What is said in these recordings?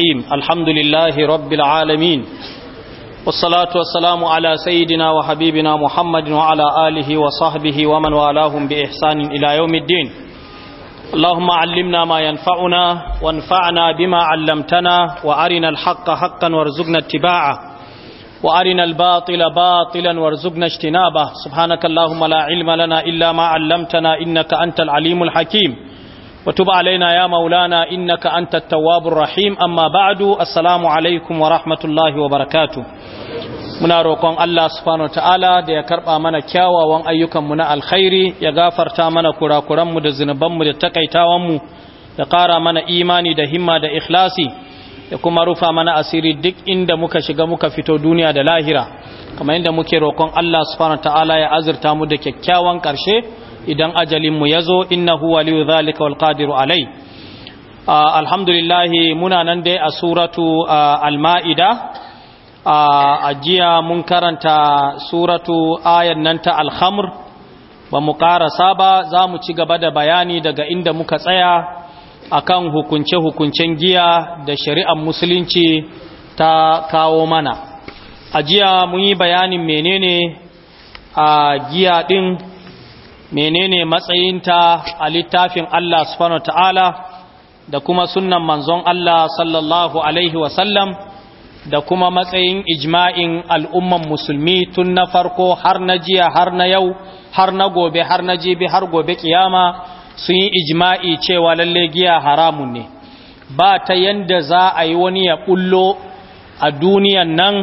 الرحيم الحمد لله رب العالمين والصلاة والسلام على سيدنا وحبيبنا محمد وعلى آله وصحبه ومن والاهم بإحسان إلى يوم الدين اللهم علمنا ما ينفعنا وانفعنا بما علمتنا وأرنا الحق حقا وارزقنا اتباعه وأرنا الباطل باطلا وارزقنا اجتنابه سبحانك اللهم لا علم لنا إلا ما علمتنا إنك أنت العليم الحكيم وتب علينا يا مولانا إنك أنت التواب الرحيم أما بعد السلام عليكم ورحمة الله وبركاته muna roƙon Allah subhanahu ta'ala da ya karɓa mana kyawawan ayyukanmu na alkhairi ya gafarta mana kurakuranmu da zunubanmu da takaitawanmu ya ƙara mana imani da himma da ikhlasi ya kuma rufa mana asiri duk inda muka shiga muka fito duniya da lahira kamar inda muke roƙon Allah subhanahu ta'ala ya azurta mu da kyakkyawan ƙarshe idan ajalinmu ya zo huwa waliyu zalika wal qadiru alai alhamdulillahi muna nan dai a suratu al-ma'ida a jiya mun karanta suratu ayan nan ta al-khamr ba mu karasa ba za mu ci gaba da bayani daga inda muka tsaya akan hukunce-hukuncen giya da shari'ar musulunci ta kawo mana a jiya mun yi bayanin menene a giya ɗin menene matsayinta a littafin Allah subhanahu ta'ala da kuma sunnan manzon Allah sallallahu alaihi sallam da kuma matsayin ijma'in al'umman musulmi tun na farko har na jiya har na yau har na gobe har na jibi har gobe kiyama sun yi ijma'i cewa lalle giya haramun ne ba ta yanda za a yi wani ya kullo a duniyan nan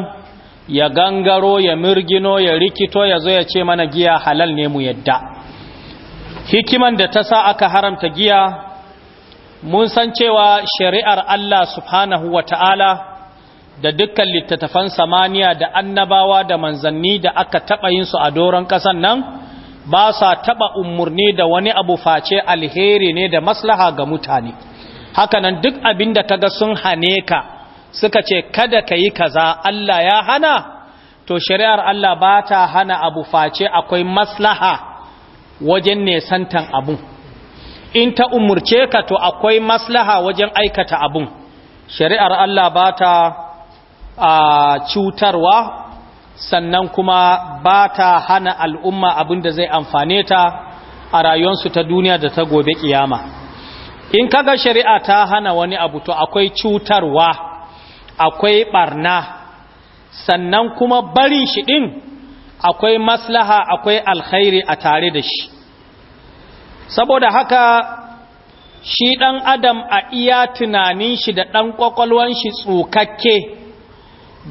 ya gangaro ya mirgino ya rikito ya zo ya ce mana giya halal ne mu yadda hikiman da ta sa aka haramta giya mun san cewa shari'ar Allah subhanahu wa ta'ala da dukkan littattafan samaniya da annabawa da manzanni da aka taɓa yin su a doron ƙasan nan ba sa taɓa umarni da wani abu face alheri ne da maslaha ga mutane hakanan duk abin da kaga sun hane ka suka ce kada ka yi kaza Allah ya hana to shari'ar Allah ba ta hana abu face akwai maslaha wajen nesantan abun in ta umurce ka to akwai maslaha wajen aikata abun shari'ar Allah ba ta cutarwa sannan kuma ba ta hana al'umma abin da zai amfane ta a rayuwarsu ta duniya da ta gobe kiyama in kaga shari'a ta hana wani abu to akwai cutarwa akwai barna sannan kuma barin shi din akwai maslaha akwai alkhairi a tare da shi saboda haka shi ɗan adam a iya tunanin shi da ɗan ƙwaƙwalwan shi tsukakke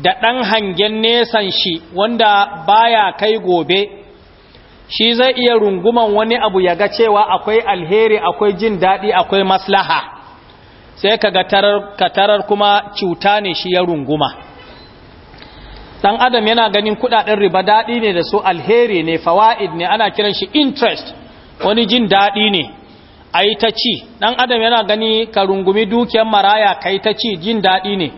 da ɗan hangen nesan shi wanda baya kai gobe shi zai iya runguman wani abu ya ga cewa akwai alheri akwai jin daɗi akwai maslaha sai ka ga tarar kuma cuta ne shi ya runguma dan adam yana ganin kudaden riba dadi ne da su alheri ne fawaid ne ana kiran shi interest wani jin dadi ne ai ta ci dan adam yana gani ka rungumi dukiyar maraya kai ta ci jin dadi ne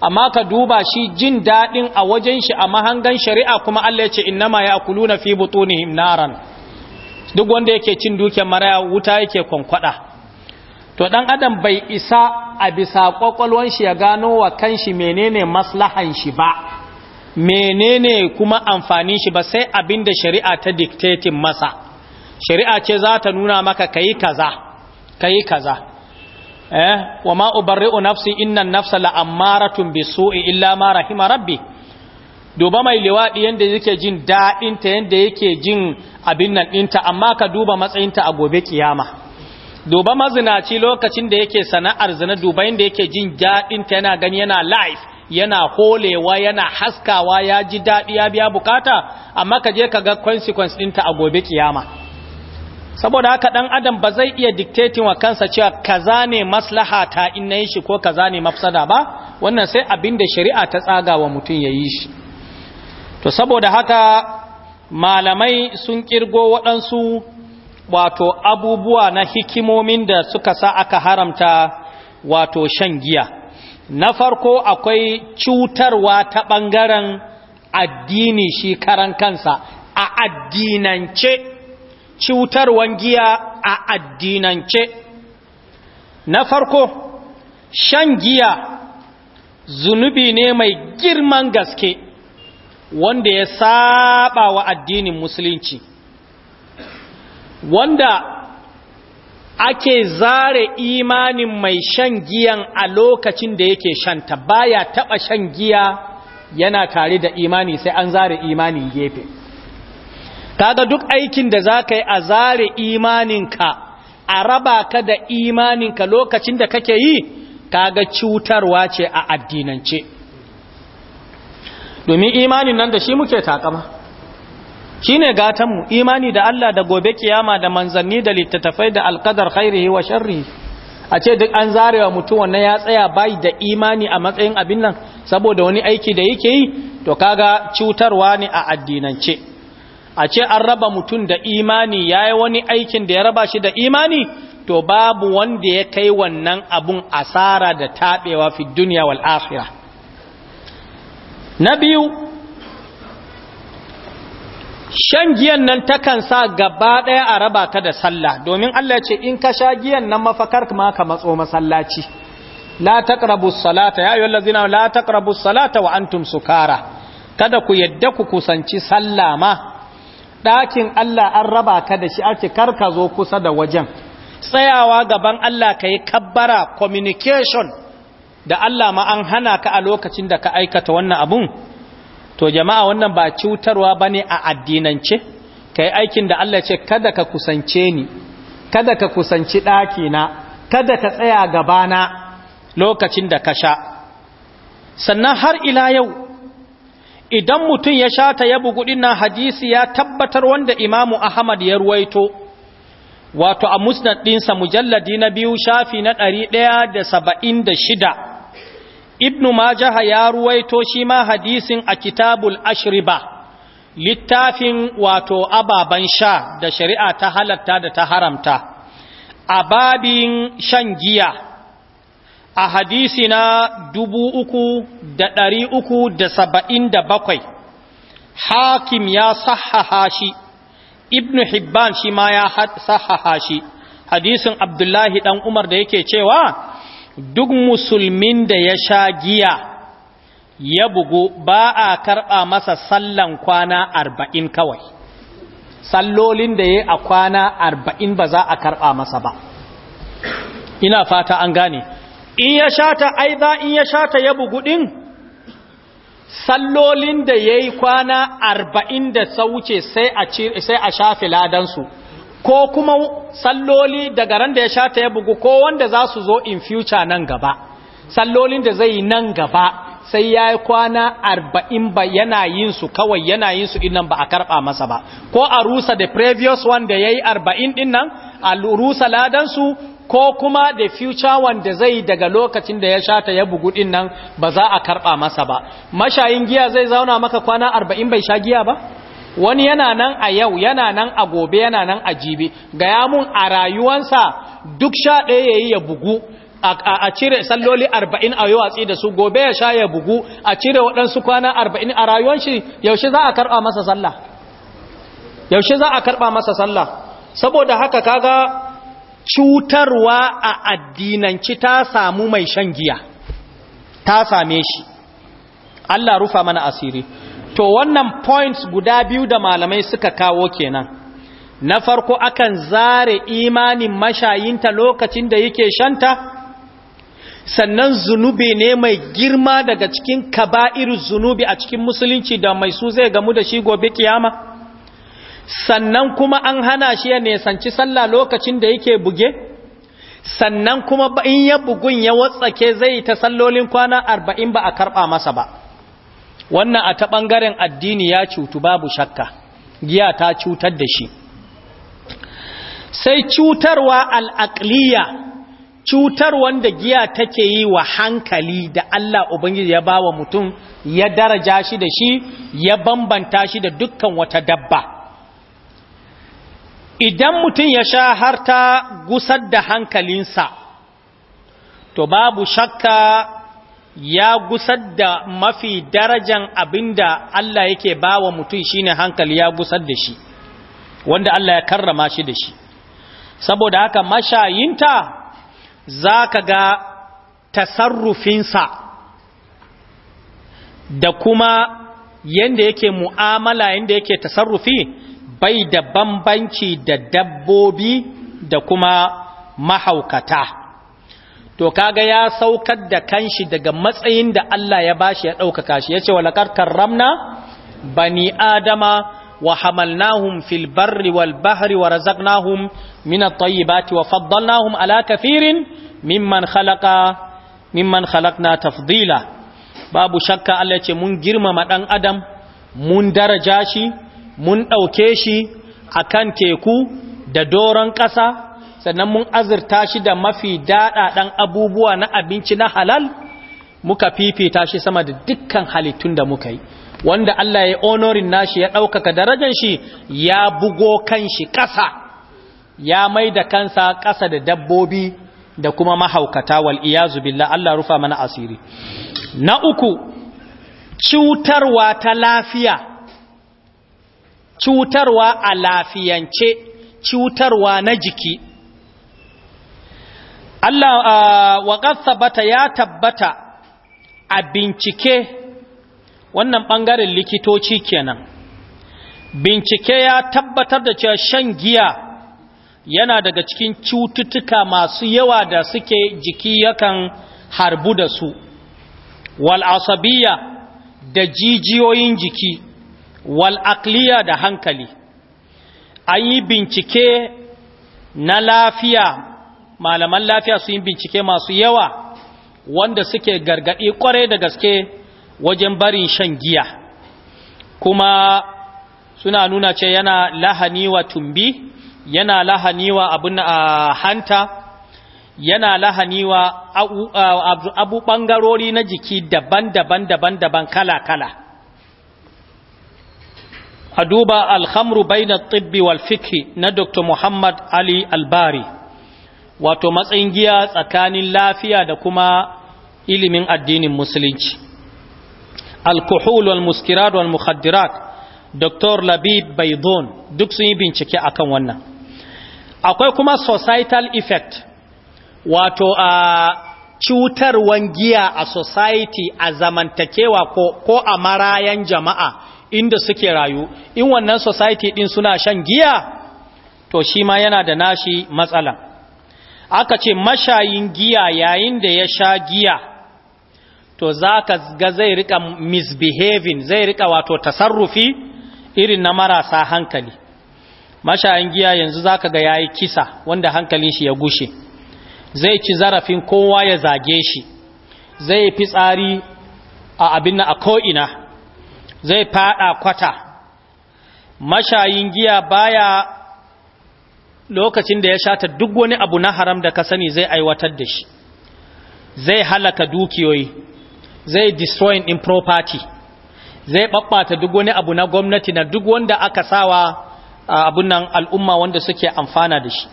amma ka duba shi jin dadin a wajen shi a mahangan shari'a kuma Allah ya ce innama ya'kuluna fi butunihim naran duk wanda yake cin dukiyar maraya wuta yake kwankwada to dan adam bai isa a bisa kwakwalwan shi ya gano wa kanshi menene maslahan shi ba menene kuma amfanin shi ba sai abinda shari'a ta dictating masa shari'a ce za ta nuna maka kayi kaza kayi kaza eh wa ma ubarri'u nafsi innan nafsa la'ammaratun bisu'i illa ma rahima rabbi duba mai liwadi yanda yake jin dadin ta yanda yake jin abin nan dinta amma ka duba matsayin ta a gobe kiyama duba mazinaci lokacin da yake sana'ar zina duba yanda yake jin dadin ta yana gani yana life yana holewa yana haskawa ya ji daɗi ya biya bukata amma ka je ka ga consequence ɗinta a gobe kiyama saboda haka ɗan adam ba zai iya dictating wa kansa cewa kaza ne maslaha ta in na yi shi ko kaza ne mafsada ba wannan sai abin da shari'a ta tsaga wa mutum yayi shi to saboda haka malamai sun kirgo waɗansu wato abubuwa na hikimomin da suka sa aka haramta wato shan giya na farko akwai cutarwa ta ɓangaren addini shi karan kansa a addinance cutarwan giya a addinance na farko shan giya zunubi ne mai girman gaske wanda ya saba wa addinin musulunci wanda ake zare imanin mai shan giyan a lokacin da yake shanta baya taba shan giya yana tare da imani sai an zare imanin gefe kaga duk aikin da zakai yi a zare imaninka a raba ka da imaninka lokacin da kake yi kaga cutarwa ce a addinance domin imanin nan da shi muke takama shine mu imani da Allah da gobe kiyama da manzanni da littattafai da alqadar khairihi wa sharrihi a ce duk an zarewa mutum wannan ya tsaya bai da imani a matsayin abin nan saboda wani aiki da yake yi to kaga cutarwa ne a addinance a ce an raba mutum da imani yayi wani aikin da ya raba shi da imani to babu wanda ya kai wannan abun asara da tabewa fi dunya wal na biyu shan giyan nan takan sa gaba ɗaya a raba ka da sallah domin Allah ce in ka sha giyan nan mafakar ma ka matso masallaci la taqrabu salata ya ayyuhal ladzina la taqrabu salata wa antum sukara kada ku yadda ku kusanci sallah ma ɗakin Allah an raba ka da shi ake kar ka zo kusa da wajen tsayawa gaban Allah ka kabbara communication da Allah ma an hana ka a lokacin da ka aikata wannan abun to jama'a wannan ba cutarwa ba ne a addinance kai aikin da Allah ce kada ka kusance ni kada ka kusanci ɗakina kada ka tsaya gabana lokacin da ka sha sannan har ila yau idan mutum ya sha ta ya bugu na hadisi ya tabbatar wanda imamu ahmad ya ruwaito wato a musnad ɗinsa mujalladi na biyu shafi na ɗari ɗaya da saba'in da shida ibnu majaha ya ruwaito shi ma hadisin a kitabul ashriba littafin wato ababan sha da shari'a ta halatta da ta haramta a babin shan giya a hadisi na dubu uku da da da saba'in bakwai hakim ya sahaha shi ibnu hibban shi ma ya sahaha shi hadisin abdullahi dan umar da yake cewa duk musulmin da ya sha giya ya bugu ba a karɓa masa sallan kwana arba'in kawai sallolin da ya a kwana arba'in ba za a karɓa masa ba ina fata an gane in ya shata aiza in ya shata ya bugu ɗin sallolin da ya yi kwana arba'in da sauce sai a shafi ladansu ko kuma salloli daga ran da ya shata ya bugu ko wanda za su zo in future nan gaba sallolin da zai nan gaba sai ya yi kwana arba'in ba yana yin su kawai yana yin su innan ba a karɓa masa ba ko a rusa da previous one da ya yi arba'in dinnan a rusa ladansu ko kuma da future wanda zai daga lokacin da ya shata ya bugu dinnan ba za a karɓa masa ba mashayin giya zai zauna maka kwana arba'in bai sha giya ba wani yana nan a yau yana nan a gobe yana nan a jibi ga mun a rayuwansa duk sha ɗaya ya yi ya bugu a cire salloli arba'in a yi watsi da su gobe ya sha ya bugu a cire waɗansu kwana arba'in a rayuwansu yaushe za a karɓa masa sallah yaushe za a karɓa masa sallah saboda haka kaga cutarwa a addinanci ta samu mai shan giya ta same shi Allah rufa mana asiri to wannan points guda biyu da malamai suka kawo kenan na farko akan zare imanin mashayinta lokacin da yake shanta sannan zunubi ne mai girma daga cikin kaba'iru zunubi a cikin musulunci da mai su zai gamu da shi gobe kiyama sannan kuma an hana shi ya nesanci sallah lokacin da yake buge sannan kuma in ya bugun ya watsake zai ta sallolin kwana arba'in ba a karɓa masa ba wannan a ta ɓangaren addini ya cutu babu shakka giya ta cutar da shi sai cutarwa al'aƙliya cutar wanda giya take yi wa hankali da Allah Ubangiji ya ba wa mutum ya daraja shi da shi ya bambanta shi da dukkan wata dabba idan mutum ya sha har ta gusar da hankalinsa to babu shakka ya gusar da mafi darajan abinda Allah yake bawa mutum shine hankali ya gusar da shi wanda Allah ya karrama shi da shi saboda haka mashayinta zaka ga tasarrufinsa da kuma yanda yake mu'amala yanda yake tasarrufi bai da bambanci da dabbobi da kuma mahaukata to kaga ya saukar da kanshi daga matsayin da Allah ya bashi ya ɗaukaka shi ya ce walakar karramna bani adama wa hamalnahum fil barri wal bahri wa razaqnahum min at-tayyibati wa faddalnahum ala kathirin mimman khalaqa mimman khalaqna tafdila babu shakka Allah yace mun girmama dan adam mun daraja shi mun ɗauke shi akan teku da doron ƙasa sannan mun azurta shi da mafi daɗaɗan abubuwa na abinci na halal muka fifita shi sama da dukkan halittun da muka yi wanda Allah ya honorin nashi ya ɗaukaka darajar shi ya bugo kanshi ƙasa ya mai da kansa ƙasa da dabbobi da kuma mahaukata wal iyazu billah Allah rufa mana asiri na uku cutarwa ta lafiya cutarwa a lafiyance cutarwa na jiki Allah uh, wa bata ya tabbata a bincike wannan bangaren likitoci kenan bincike ya tabbatar da cewa shan giya yana daga cikin cututtuka masu yawa da suke jiki yakan harbu da su Wal'asabiya da jijiyoyin jiki wal aqliya da hankali an yi bincike na lafiya malaman lafiya su yi bincike masu yawa wanda suke gargaɗi kwarai da gaske wajen barin shan giya kuma suna nuna ce yana lahani wa tumbi yana lahani wa abin a hanta yana lahani wa abu ɓangarori na jiki daban-daban daban-daban kala-kala a duba alhamru bai na tibbi wal na dr muhammad ali albari wato matsayin giya tsakanin lafiya da kuma ilimin addinin musulunci alkohol wal muskirat wal mukhaddirat dr labib baydon duk sun yi bincike akan wannan akwai kuma societal effect wato a cutarwan giya a society a zamantakewa ko, ko a marayan jama'a inda suke rayu in wannan society din suna shan giya to shi ma yana da nashi matsala aka ce mashayin giya yayin da ya sha giya to za ka ga zai rika misbehaving zai rika wato tasarrufi irin na marasa hankali mashayin giya yanzu za ka ga ya yi kisa wanda hankalin shi ya gushe zai ci zarafin kowa ya zage shi zai fi tsari a abin na a ko'ina zai fada kwata mashayin giya baya lokacin da ya shata duk wani abu na haram da ka sani zai aiwatar da shi zai halaka dukiyoyi zai destroy in property zai babbata duk wani abu na gwamnati na duk wanda aka sawa abun nan al'umma wanda suke amfana da shi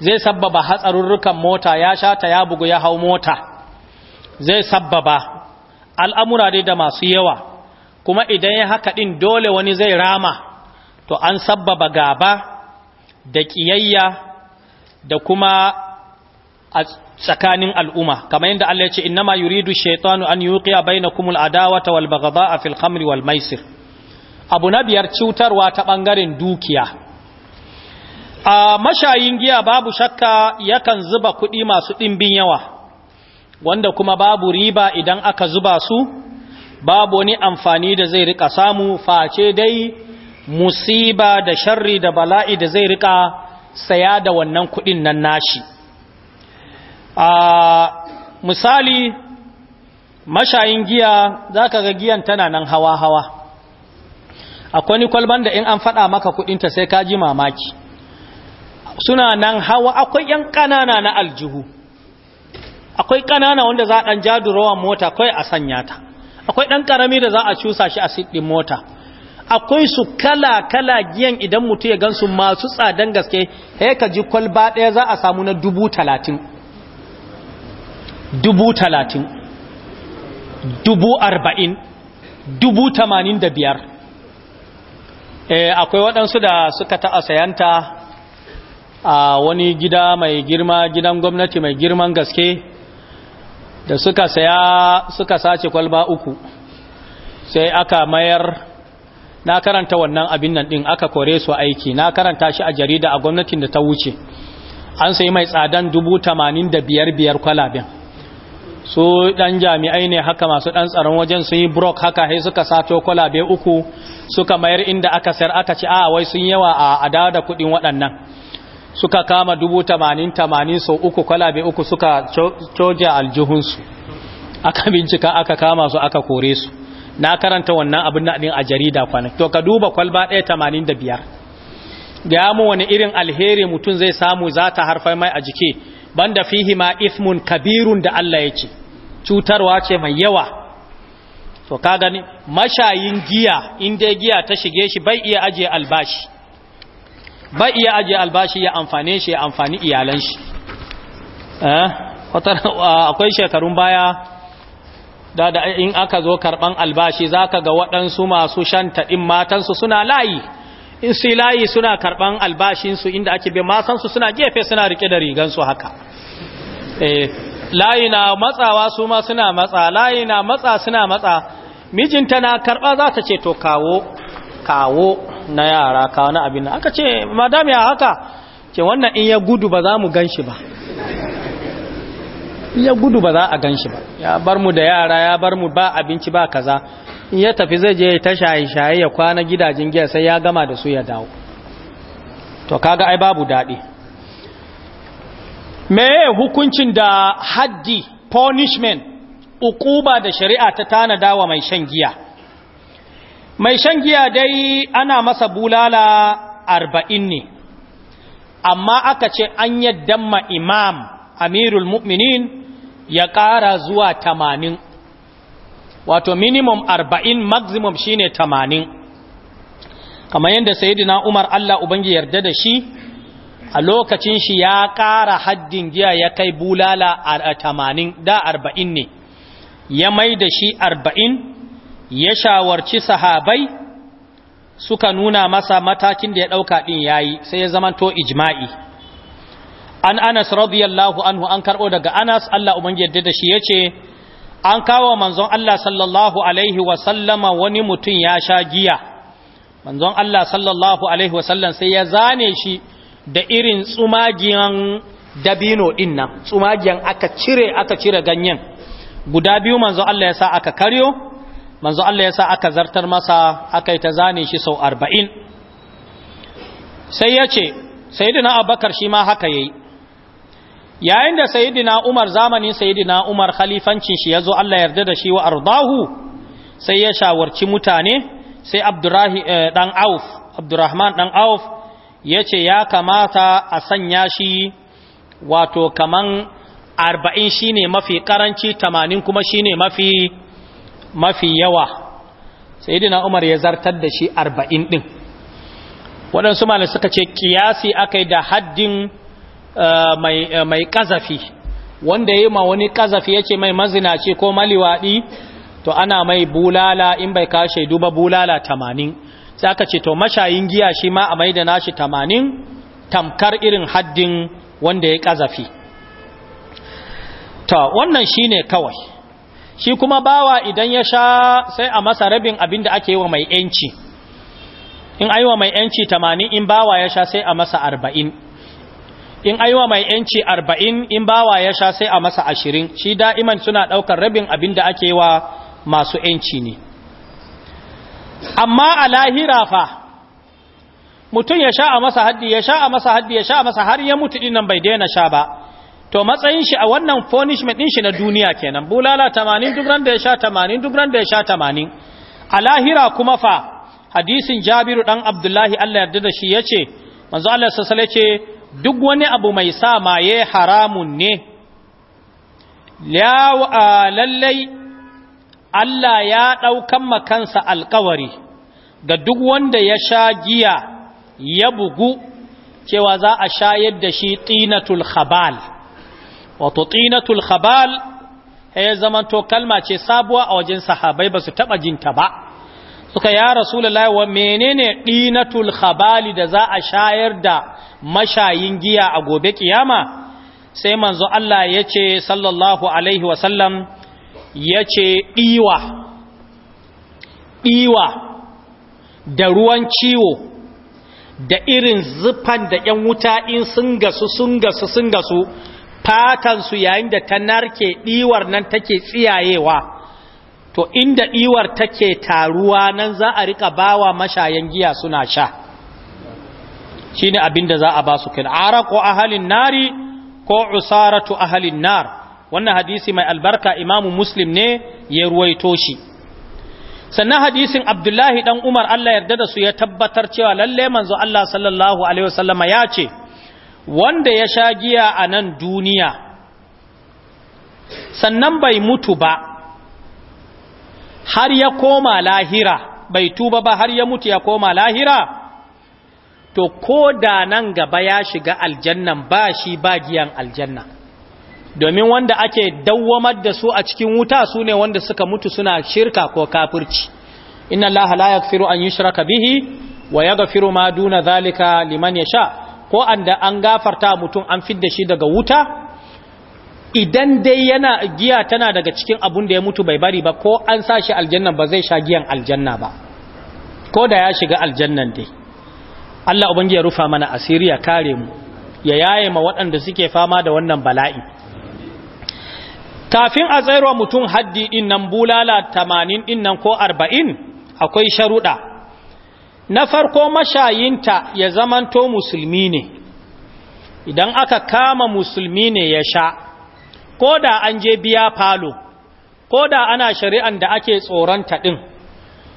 zai sabbaba hatsarurrukan mota ya shata ya bugu ya hau mota zai sabbaba al'amura dai da masu yawa kuma idan ya haka din dole wani zai rama to an sabbaba gaba da ƙiyayya da kuma a tsakanin al'umma kamar yadda Allah ya ce ma yuridu shaitanu an yuqiya bainakumul adawata wal baghdha fil khamri wal maisir abu na biyar cutarwa ta ɓangaren dukiya a mashayin giya babu shakka yakan zuba kuɗi masu ɗimbin yawa wanda kuma babu riba idan aka zuba su babu wani amfani da zai riƙa samu face dai musiba da sharri da bala'i da zai rika saya da wannan kudin nan nashi a misali mashayin giya zaka ga giyan tana nan hawa-hawa akwai ni kwalban da in an faɗa maka ta sai ka ji mamaki suna nan hawa akwai yan ƙanana na aljihu akwai ƙanana wanda za a ɗan ja durowan mota kawai a sanya ta akwai ɗan ƙarami da za a cusa shi a siɗin mota akwai su kala-kala giyan idan mutu ya gan su masu tsadan gaske ya ka ji kwalba ɗaya za a samu na dubu talatin dubu talatin dubu arba'in dubu tamanin da biyar eh, akwai waɗansu da suka ta'a sayanta a wani gida mai girma gidan gwamnati mai girman gaske da suka saya suka sace kwalba uku sai aka mayar na karanta wannan abin nan din aka kore su aiki na karanta shi a jarida a gwamnatin da ta wuce an sai mai tsadan dubu tamanin da biyar biyar kwalabin su dan jami'ai ne haka masu dan tsaron wajen sun yi brok haka sai suka sato kwalabe uku suka mayar inda aka sayar aka ci a wai sun yawa a ada da kudin waɗannan suka kama dubu tamanin tamanin sau uku kwalabe uku suka coje aljihunsu aka bincika aka kama su aka kore su na karanta wannan abin na a jarida kwana to ka duba kwalba 185 ga mu wani irin alheri mutum zai samu zata ta harfai mai a jiki banda fihi ma ismun kabirun da Allah ya ce cutarwa ce mai yawa to ka gani mashayin giya in inda giya ta shige shi bai iya aje albashi bai iya ajiye albashi ya amfane shi ya amfani iyalan shi eh, akwai shekarun baya da da in aka zo karban albashi zaka ga waɗansu masu shanta din matansu suna layi in sai layi suna karban albashinsu inda ake bai masansu suna gefe suna rike da su haka eh layi na matsawa su ma suna matsa layi na matsa suna matsa mijinta na karba za ta ce to kawo kawo na yara kawo na abin aka ce madam ya haka ce wannan in ya gudu ba za mu gan shi ba ya gudu ba za a gan shi ba ya bar mu da yara ya bar mu ba abinci ba kaza in ya tafi zai je ta shaye-shaye ya kwana gidajen giya sai ya gama da su ya dawo to kaga ai babu daɗi meye hukuncin da haddi punishment ukuba da shari'a ta tanada wa mai shan giya mai shan giya dai ana masa bulala arba'in ne amma aka ce an yadda ma imam amirul mu'minin ya ƙara zuwa tamanin wato minimum arba'in maximum shine tamanin kamar yadda sayidina umar allah ubangi yarda da shi a lokacin shi ya ƙara haddin giya ya kai bulala a tamanin da arba'in ne ya mai da shi arba'in ya shawarci sahabai suka nuna masa matakin da ya ɗauka ɗin yayi sai ya zamanto ijma'i an anas radiyallahu anhu an karɓo daga anas Allah yadda da shi ya ce an kawo manzon Allah sallallahu alaihi sallama wani mutum ya sha giya manzon Allah sallallahu alaihi sallam sai ya zane shi da irin tsumagiyan dabino ɗin nan tsumagiyan aka cire aka cire ganyen guda biyu manzon Allah ya sa aka karyo manzon Allah ya sa aka zartar masa aka yi ta zane shi sau arba'in sai ya ce sai Abubakar shi ma haka ya yi yayin da sayidina umar zamanin sayidina umar khalifancin shi ya zo allah yarda da shi wa ardahu sai ya shawarci mutane sai dan eh, auf abdurrahman dan auf ya ce ya kamata a sanya shi wato kaman arba'in shine mafi karanci tamanin kuma shine mafi mafi yawa sayidina umar ya zartar da shi arba'in din waɗansu malai suka ce kiyasi aka yi da haddin Eh, eh, mai kazafi wanda ya yi ma wani kazafi ya ce mai mazinaci ko maliwaɗi to ana mai bulala in bai kawo shaidu ba bulala tamanin sai aka ce to mashayin giya shi ma a mai da nashi tamanin tamkar irin haddin wanda ya kazafi ta wannan shi ne kawai shi kuma bawa idan ya sha sai a masa rabin abin da ake yi wa mai yanci in aiwa mai yanci tamanin in bawa ya sha sai a masa arba'in in aiwa mai yanci arba'in in bawa ya sha sai a masa ashirin shi da'iman suna ɗaukar rabin abin da ake wa masu yanci ne amma a lahira fa mutum ya sha a masa haddi ya sha a masa haddi ya sha a masa har ya mutu nan bai daina sha ba to matsayin shi a wannan punishment din shi na duniya kenan bulala 80 duk ran da ya sha 80 duk ran da ya sha 80 a lahira kuma fa hadisin Jabiru dan Abdullahi Allah yarda da shi yace manzo Allah sallallahu alaihi duk wani abu mai sa maye haramun ne lallai Allah ya ɗaukan makansa alkawari ga duk wanda ya sha giya ya bugu cewa za a shayar da shi tinatul khabal wato tinatul khabal ya zamanto kalma ce sabuwa a wajen sahabai ba su taɓa jinta ba suka ya rasulullah wa menene dinatul khabali da za a shayar da mashayin giya a gobe kiyama sai manzo Allah yace sallallahu alaihi wa sallam yace diwa diwa da ruwan ciwo da irin zufan da 'yan wuta in sun gasu sun gasu sun gasu fatan su yayin da ta narke diwar nan take tsiyayewa to inda iwar take taruwa nan za a rika bawa mashayan giya suna sha shine abinda za a ba su kin araqu ahalin nari ko usaratu ahalin nar wannan hadisi mai albarka imamu muslim ne ya ruwaito shi sannan hadisin abdullahi dan umar Allah yarda da su ya tabbatar cewa lalle manzo Allah sallallahu alaihi wasallama ya ce wanda ya sha giya a nan duniya sannan bai mutu ba har ya koma lahira bai tuba ba har ya mutu ya koma lahira to ko da nan gaba ya shiga aljannan ba shi ba giyan aljanna domin wanda ake dawwamar da su a cikin wuta su ne wanda suka mutu suna shirka ko kafirci inna allaha la yaghfiru an yushraka bihi wa yaghfiru ma duna zalika liman yasha ko anda an gafarta mutum an fidda shi daga wuta idan dai yana giya tana daga cikin abun da ya mutu bai bari ba ko an sa shi aljanna ba zai sha giyan aljanna ba ko da ya shiga aljannan dai Allah ubangi ya rufa mana asiriya kare mu ya yaye ma waɗanda suke fama da wannan bala'i kafin a tsayarwa mutum haddi din nan bulala 80 din nan ko arba'in, akwai sharuɗa na farko mashayinta ya zamanto musulmi ne idan aka kama musulmi ne ya sha ko da an je biya falo ko da ana shari'an da ake tsoron ta ɗin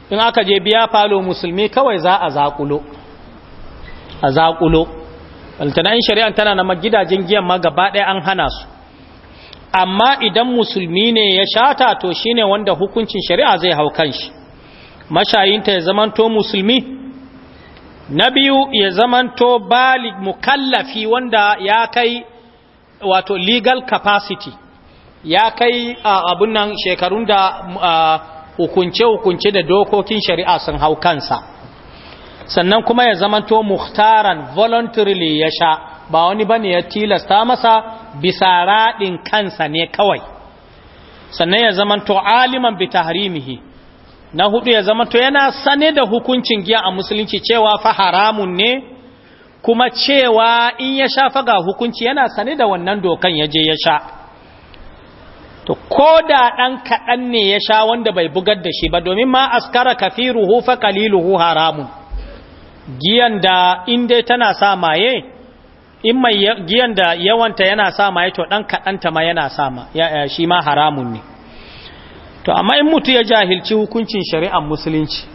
in aka je biya falo musulmi kawai za a zaƙulo a zaƙulo altanan shari'an tana na gidajen giyan ma gaba ɗaya an hana su amma idan musulmi ne ya shata to shine wanda hukuncin shari'a zai hau kanshi mashayinta ya zamanto musulmi na biyu ya zamanto balig mukallafi wanda ya kai wato legal capacity ya kai abun nan shekarun da hukunce-hukunce da dokokin shari'a sun hau kansa sannan kuma ya zamanto muhtaran voluntarily ya sha ba wani bane ya tilasta masa bisa raɗin kansa ne kawai sannan ya zamanto aliman bi tahrimihi na hudu ya zamanto yana sane da hukuncin giya a musulunci cewa fa haramun ne kuma cewa in ya sha faga hukunci yana sane da wannan dokan ya je ya sha to ko da ɗan kaɗan ne ya sha wanda bai bugar da shi ba domin ma askara ruhu fa qaliluhu haramun giyan da in dai tana sa maye in mai giyan da yawanta yana sa maye to ɗan kaɗanta ma yana sa ma shi ma haramun ne to amma in mutu ya jahilci hukuncin shari'ar musulunci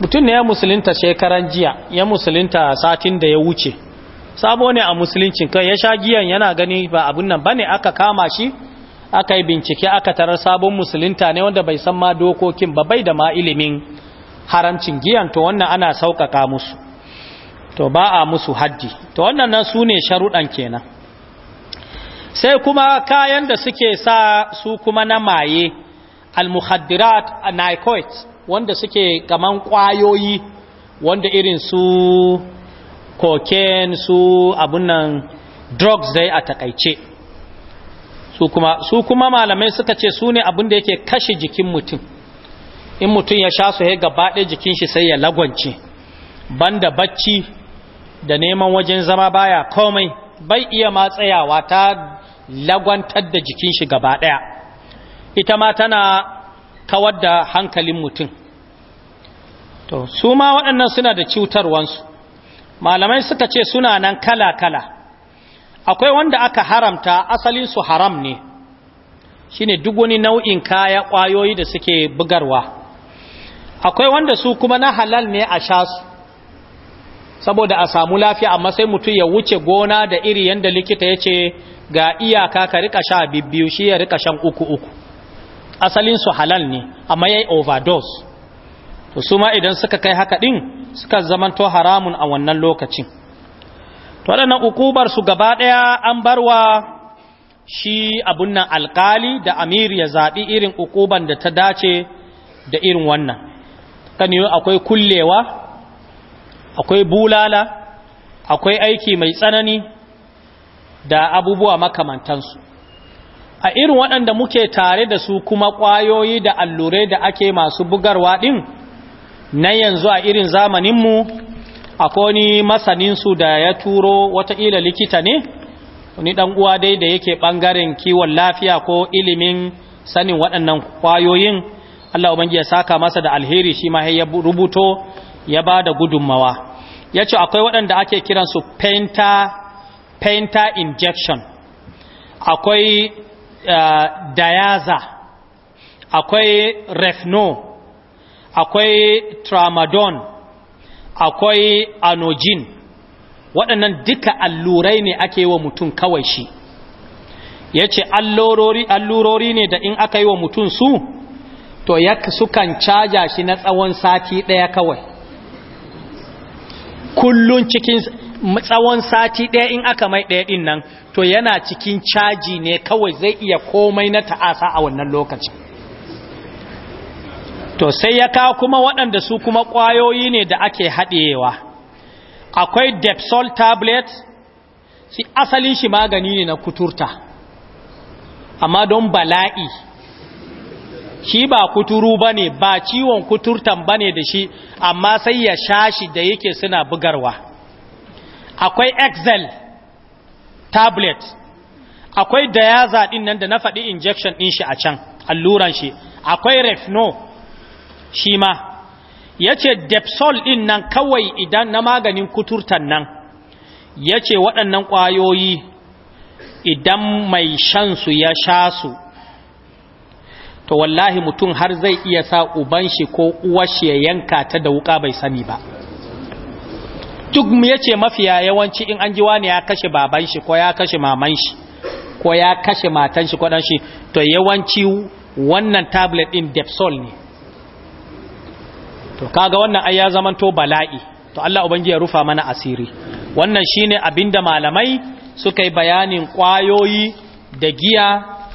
mutum ne ya musulunta shekaran jiya ya musulunta satin da ya wuce sabo ne a musuluncin kai ya sha giyan yana gani ba abun nan bane aka kama shi aka yi bincike aka tarar sabon musulunta ne wanda bai san ma dokokin ba bai da ma ilimin haramcin giyan to wannan ana sauƙaƙa musu to ba a musu haddi to wannan nan su ne sharuɗan kenan sai kuma kayan da suke sa su kuma na maye al-muhaddirat wanda suke kaman kwayoyi wanda irin su cocaine su abunan drugs dai a takaice su kuma su kuma malamai suka ce su ne abin da yake kashe jikin mutum in mutum ya sha su ya gaba ɗaya jikin shi sai ya lagwance banda bacci da neman wajen zama baya komai bai iya ma tsayawa ta lagwantar da jikin shi gaba ɗaya ita ma tana kawar da hankalin mutum to su ma waɗannan suna da cutarwansu malamai suka ce suna nan kala-kala akwai wanda aka haramta asalinsu haram ne shine duk wani nau'in kaya ƙwayoyi da suke bugarwa akwai wanda su kuma na halal ne a sha su saboda a samu lafiya amma sai mutum ya wuce gona da iri yadda likita ya ce ga iyaka ka rika sha biyu-biyu shi ya rika shan uku uku asalin su halal ne amma yayi overdose to su ma idan suka kai haka din suka zamanto haramun a wannan lokacin to waɗannan ukubar su gaba ɗaya an barwa shi abun nan alkali da amir ya zaɓi irin ukuban da ta dace da irin wannan kan yi akwai kullewa akwai bulala akwai aiki mai tsanani da abubuwa makamantansu a irin waɗanda muke tare da su kuma ƙwayoyi da allure da ake masu bugarwa ɗin na yanzu a irin zamaninmu akwai masaninsu da ya turo wataƙila likita ne wani uwa dai da yake ɓangaren kiwon lafiya ko ilimin sanin waɗannan ƙwayoyin Allah ubangi ya saka masa da alheri shi ma ya rubuto ya ba da gudunmawa ya ce akwai waɗanda ake kiransu penta, penta injection akwai Uh, dayaza akwai refno akwai tramadon akwai anogin waɗannan duka allurai ne ake yi wa mutum kawai shi ya ce allurori ne da in aka yi wa mutum su to ya sukan caja shi na tsawon sati ɗaya kawai kullun cikin tsawon sati ɗaya in aka mai ɗaya ɗin nan to yana cikin caji ne kawai zai iya komai na ta'asa a wannan lokacin to sai ya kawo kuma waɗanda su kuma ƙwayoyi ne da ake haɗewa akwai depsol tablet si asalin shi magani ne na kuturta amma don bala'i shi ba kuturu ba ne ba ciwon kuturtan ba ne da shi amma sai ya sha shi da yake suna bugarwa akwai excel tablet akwai dayaza din nan da na faɗi injection din shi a can alluran shi akwai refno shi ma yace depsol din nan kawai idan na maganin kuturtan nan yace waɗannan ƙwayoyi idan mai shansu ya sha su to wallahi mutum har zai iya sa uban shi ko uwar shi ya yanka ta da wuka bai sani ba duk ya ce mafiya yawanci in an ji wani ya kashe baban shi ko ya kashe maman shi ko ya kashe matan shi kwadan shi to yawanci wannan tablet din depsol ne to kaga wannan ayya ya zamanto bala'i to Allah ubangi ya rufa mana asiri wannan shine abinda malamai suka yi bayanin kwayoyi da giya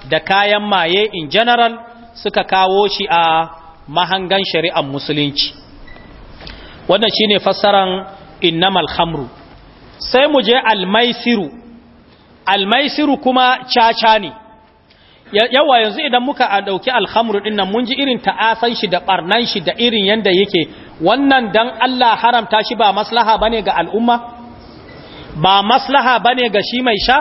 da kayan maye in general suka kawo shi a mahangan shari'ar musulunci wannan shine fassaran innamal khamru sai mu je almaisiru almaisiru kuma caca ne yawa yanzu idan muka dauki alhamru din nan mun ji irin ta'asan shi da barnan shi da irin yanda yake wannan dan Allah haramta shi ba maslaha bane ga al'umma ba maslaha bane ga shi mai sha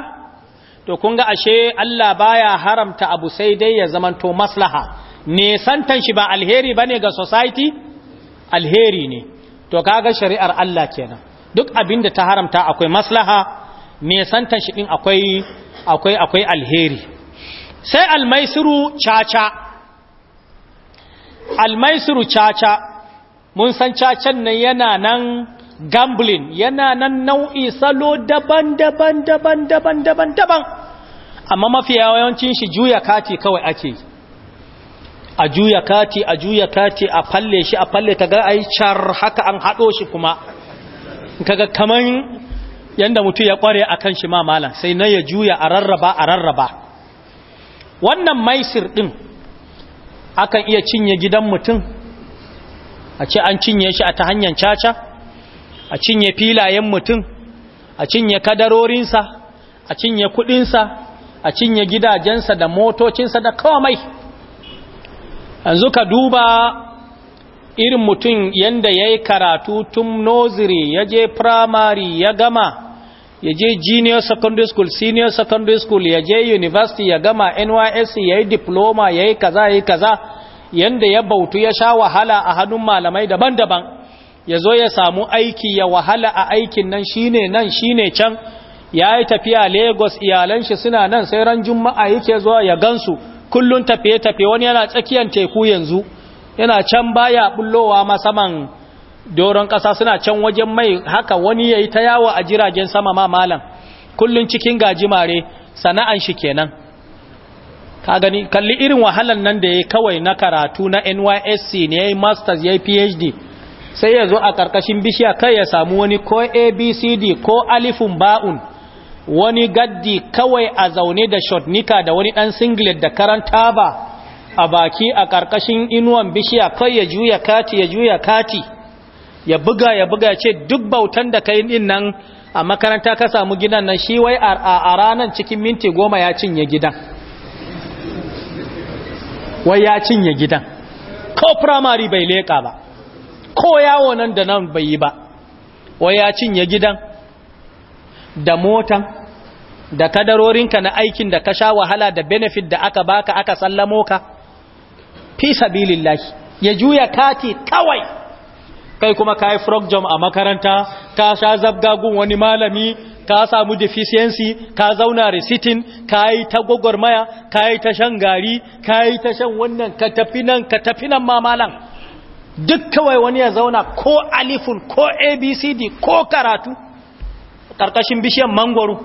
to kun ga ashe Allah baya haramta abu sai dai ya zamanto maslaha ne santan shi ba alheri bane ga society alheri ne to kaga shari'ar Allah kenan duk abin da ta haramta akwai maslaha me santan shi din akwai akwai akwai alheri sai almaisiru caca almaisiru caca mun san cacan nan yana nan gambling yana nan nau'i salo daban-daban daban-daban daban-daban amma mafi yawancin shi juya kati kawai ake yi a juya kati a juya kati a falle shi a falle ta ga ai char haka an hado shi kuma kaga kaman yanda mutum ya kware akan shi ma malam sai na ya juya a rarraba a rarraba wannan maisir din akan iya cinye gidan mutum a ce an cinye shi a ta hanyar caca a cinye filayen mutum a cinye kadarorinsa a cinye kudinsa a cinye gidajensa da motocinsa da mai yanzu ka duba irin mutum yanda ya yi karatu tun noziri ya je primary ya gama ya je junior secondary school senior secondary school ya je university ya gama nysc ya yi diploma ya yi kaza ya yi kaza yanda ya bautu ya sha wahala a hannun malamai daban-daban ya zo ya samu aiki ya wahala a aikin nan shine nan shine can ya yi tafiya lagos iyalan shi suna nan sai ran juma'a yake zuwa ya gansu kullun tafiye-tafiye wani yana tsakiyar teku yanzu yana can baya bullowa ma saman doron ƙasa suna can wajen mai haka wani ya yi ta yawo a jiragen sama ma malam kullun cikin gajimare sana'an shi kenan ka gani kalli irin wahalan nan da ya kawai na karatu na nysc ne ya yi masters ya yi phd sai ya zo a ƙarƙashin bishiya kai ya samu wani ko abcd ko alifun ba'un wani gaddi kawai a zaune da shotnika da wani ɗan singlet da karanta ba a baki a ƙarƙashin inuwan bishiya kai ya juya kati ya juya kati ya buga ya buga ya ce duk bautan da kai din nan a makaranta ka samu gidan nan shi wai a ranar cikin minti goma ya cinye gidan wai ya cinye gidan ko firamare bai leƙa ba ko yawo nan da nan bai yi ba wai ya cinye gidan da motan da kadarorinka na aikin da ka sha wahala da benefit da aka baka aka sallamo ka fi sabilillahi ya juya kati kawai kai kuma kai frog jump a makaranta ka sha zabgagun wani malami ka samu deficiency ka zauna risitin ka yi ta gwagwarmaya ka yi ta shan gari ka yi ta shan wannan ka tafi nan ka tafi nan mamalan duk kawai wani ya zauna ko alifun ko abcd ko karatu ƙarƙashin bishiyan mangwaro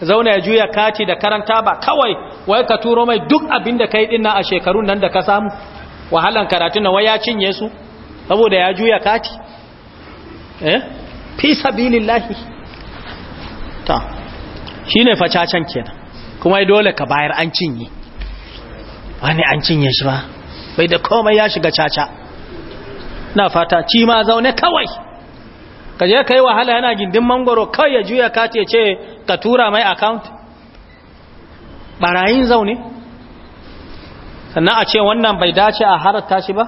zauna ya juya kati da karanta ba kawai wai ka turo mai duk abin da ka yi dinna a shekarun nan da ka samu wahalan karatu na waya cinye su saboda ya juya kati eh fi sabilillahi ta shine facacen kenan kuma dole ka bayar an cinye wani an cinye shi ba bai da komai ya shiga caca na fata ci ma zaune kawai Kaje je ka yi wahala yana gindin mangoro kawai ya juya ka ce ce ka tura mai account barayin zaune sannan a ce wannan bai dace a harata shi ba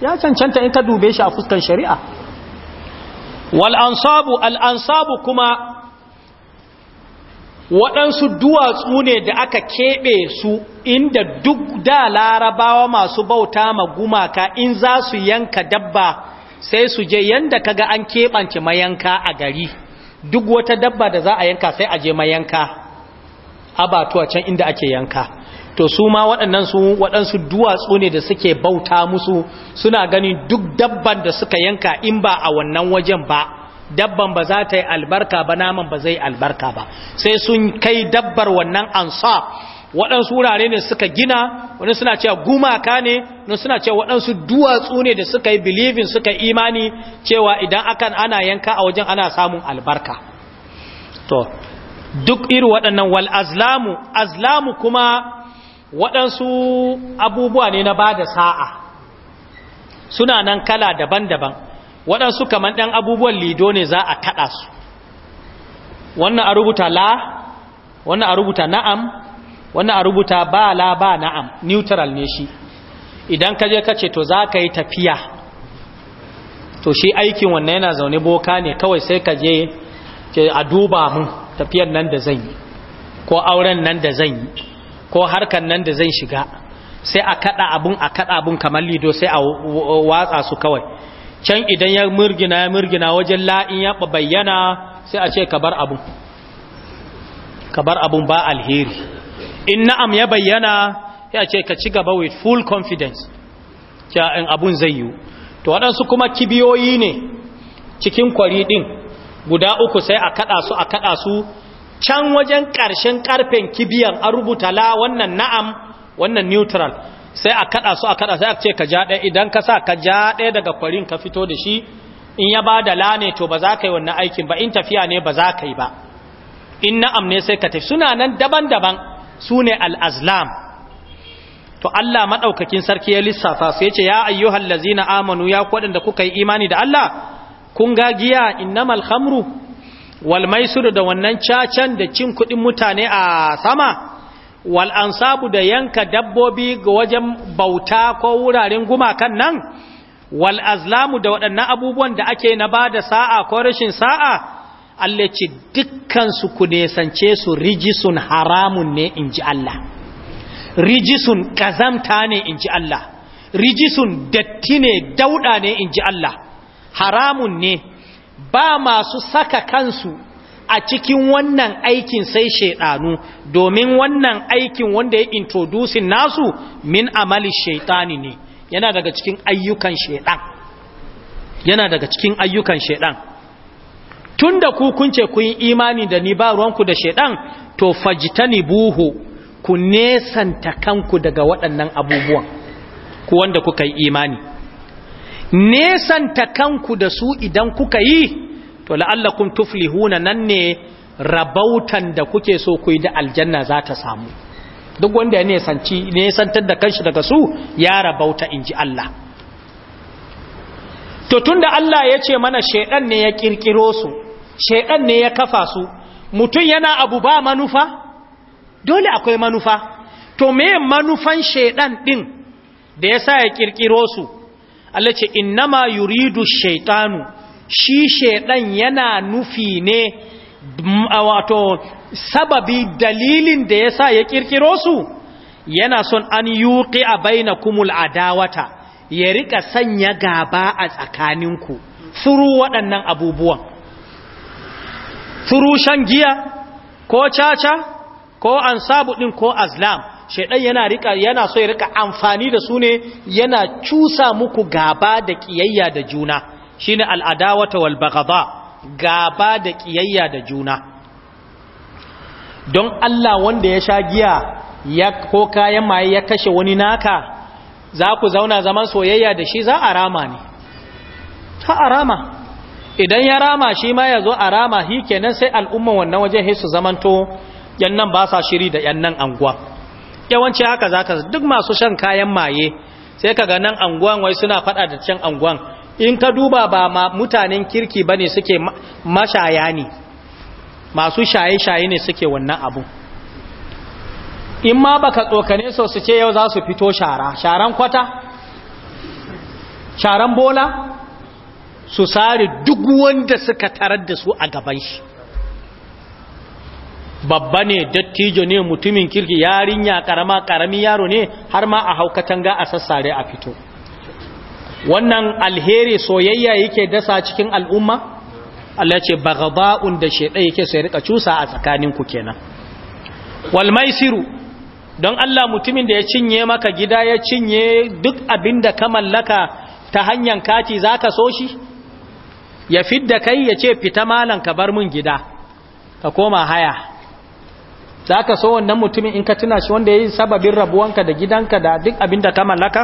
ya cancanta in ka dube shi a fuskan shari'a wal'ansabu al'ansabu kuma waɗansu duwatsu ne da aka keɓe su inda duk da larabawa masu bauta ma gumaka in za su yanka dabba sai su je yanda kaga an keɓance mayanka a gari duk wata dabba da za a yanka sai a je mayanka abatuwa can inda ake yanka to su ma waɗannan su waɗansu duwatsu ne da suke bauta musu suna ganin duk dabban da suka yanka in ba a wannan wajen ba dabban ba za ta yi albarka ba naman ba zai albarka ba sai sun kai dabbar wannan ansa waɗansu wurare ne suka gina wani suna cewa gumaka ne wani suna cewa waɗansu duwatsu ne da suka yi believing suka yi imani cewa idan akan ana yanka a wajen ana samun albarka to duk iri waɗannan wal azlamu azlamu kuma waɗansu abubuwa ne na ba da sa'a suna nan kala daban-daban waɗansu kamar ɗan abubuwan lido ne za a kaɗa su wannan a rubuta la wannan a rubuta na'am wannan a rubuta ba la ba na'am neutral ne shi idan ka je ka ce to za ka yi tafiya to shi aikin wannan yana zaune boka ne kawai sai ka je a duba mun tafiyar nan da zan yi ko auren nan da zan yi ko harkar nan da zan shiga sai a kada abun a kada abun kamar lido sai a watsa su kawai can idan ya murgina ya murgina wajen la'in ya bayyana sai a ce ka bar abun ka bar abun ba alheri in na'am ya bayyana ya ce ka ci gaba with full confidence ya in abun zai yiwu to waɗansu kuma kibiyoyi ne cikin kwari ɗin guda uku sai a kaɗa su a kaɗa su can wajen ƙarshen ƙarfen kibiyan a rubuta la wannan na'am wannan neutral sai a kaɗa su a kaɗa sai a ce ka ja ɗaya idan ka sa ka ja ɗaya daga kwarin ka fito da shi in ya ba da lane to ba za ka yi wannan aikin ba in tafiya ne ba za ka yi ba in na'am ne sai ka tafi suna nan daban-daban su ne al'azlam to Allah maɗaukakin sarki ya lissafa su ya ce ya ayyuhal lazina amanu ya kwaɗanda kuka yi imani da Allah kun ga giya innamal khamru wal maisuru da wannan cacan da cin kuɗin mutane a sama wal ansabu da yanka dabbobi ga wajen bauta ko wuraren gumakan nan wal azlamu da waɗannan abubuwan da ake na ba da sa'a ko rashin sa'a Allah ce dukkansu ku nesance su rijisun haramun ne in ji Allah rijisun kazamta ne in ji Allah rijisun datti ne dauda ne in ji Allah haramun ne ba masu saka kansu a cikin wannan aikin sai shaidanu domin wannan aikin wanda ya introducing nasu min amali shaitani ne yana daga cikin ayyukan shaidan yana daga cikin ayyukan shaidan tun da ku kun ce kun yi imani da ni ba ruwanku da shaidan to fajitani buhu ku nesanta kanku daga waɗannan abubuwan ku wanda kuka yi imani nesanta kanku da su idan kuka yi to la'allakum tuflihuna nan ne rabautan da kuke so ku yi da aljanna za ta samu duk wanda ya nesanci nesantar da kanshi daga su ya rabauta inji Allah to tunda Allah ya ce mana shedan ne ya kirkiro su shaidan ne ya kafa su mutum yana abu ba manufa dole akwai manufa to me manufan shaidan din da ya sa ya kirkiro su Allah ce innama yuridu shaiɗanu shi shaidan yana nufi ne wato sababi dalilin da ya sa ya kirkiro su yana son an yuqi a baina kumul adawata ya rika sanya gaba a tsakaninku furu waɗannan abubuwan furushan giya ko caca ko ansabu din ko azlam shaidan yana rika yana so ya rika amfani da su ne yana cusa muku gaba da kiyayya da juna shine al'adawata wal baghadha gaba da kiyayya da juna don Allah wanda ya sha giya ya ko kayan maye ya kashe wani naka za ku zauna zaman soyayya da shi za a rama ne ta arama idan ya rama shi ma ya zo a rama shi kenan sai al'umman wannan wajen su zamanto yan nan ba sa shiri da yan nan anguwa yawanci haka zaka duk masu shan kayan maye sai ka ga nan anguwan wai suna fada da can anguwan in ka duba ba ma mutanen kirki bane suke mashaya ne masu shaye-shaye ne suke wannan abu in ma baka tsokane so su ce yau za su fito shara sharan kwata sharan bola su sare duk wanda suka tarar da su a gaban shi babba ne dattijo ne mutumin kirki yarinya karama karami yaro ne har ma a haukatan ga a sassare a fito wannan alheri soyayya yake dasa cikin al'umma Allah ce bagaba'un da shedai yake sai rika cusa a tsakanin ku kenan wal maisiru don Allah mutumin da ya cinye maka gida ya cinye duk abinda ka mallaka ta hanyar kati zaka so shi ya fidda kai ya ce fita malan ka bar mun gida ka koma haya za ka so wannan mutumin in ka tuna shi wanda ya yi sababin rabuwanka da gidanka da duk abin da ka mallaka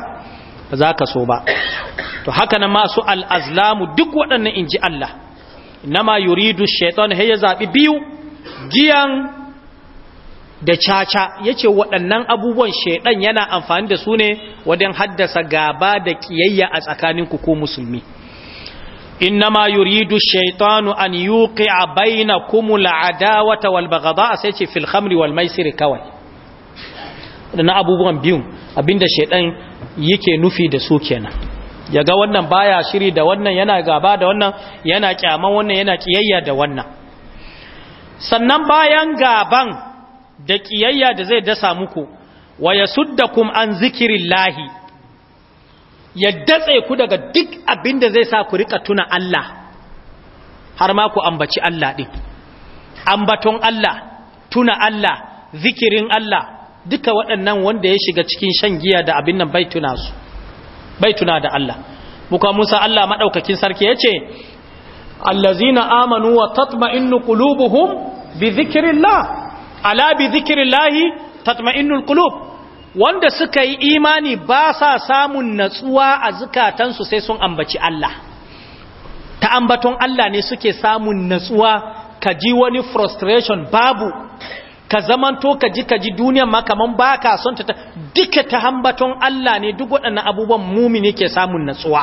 ba za ka so ba to haka na masu al'azlamu duk waɗannan in ji Allah nama yuridu shaitan ya zaɓi biyu giyan da caca yace ce waɗannan abubuwan shaiɗan yana amfani da su ne wajen haddasa gaba da ƙiyayya a tsakaninku ko musulmi innama yuridu shaitanu an yuqi'a kuma al'adawata wal baghdha sai ce fil khamri kawai na abubuwan biyun abinda shaitan yake nufi da su kenan ga wannan baya shiri da wannan yana gaba da wannan yana kyaman wannan yana kiyayya da wannan sannan bayan gaban da kiyayya da zai dasa muku wa yasuddakum an zikirillahi ya datse ku daga duk abin da zai sa ku rika tuna Allah har ma ku ambaci Allah ɗin ambaton Allah tuna Allah zikirin Allah duka waɗannan wanda ya shiga cikin shan giya da abin nan bai tuna su bai tuna da Allah muka Musa Allah maɗaukakin sarki ya ce allazina amanu wa tatma'innu qulubuhum bi la? ala bi dhikrillah tatma'innul qulub wanda suka yi imani ba sa samun natsuwa a zukatansu sai sun ambaci Allah ta ambaton Allah ne suke samun natsuwa ka ji wani frustration babu ka zamanto ka ji ka ji duniyan makaman ba ka son ta duka ta ambaton Allah ne duk waɗannan abubuwan mumini ke samun natsuwa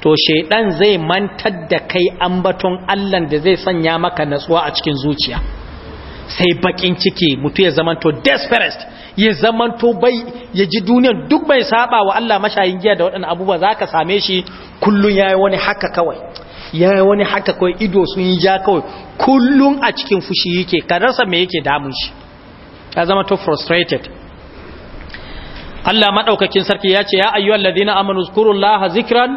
to shaidan zai mantar da kai ambaton Allah da zai sanya maka natsuwa a cikin zuciya sai bakin ciki mutu ya zamanto desperate ya zamanto bai ya ji duniyan duk bai saba wa Allah mashayin giya da waɗannan abubuwa za ka same shi kullum ya yi wani haka kawai ya yi wani haka kawai ido sun yi ja kawai kullum a cikin fushi yake ka rasa me yake damun shi ya zama to frustrated Allah maɗaukakin sarki ya ce ya ayyuwan ladina amanu laha zikiran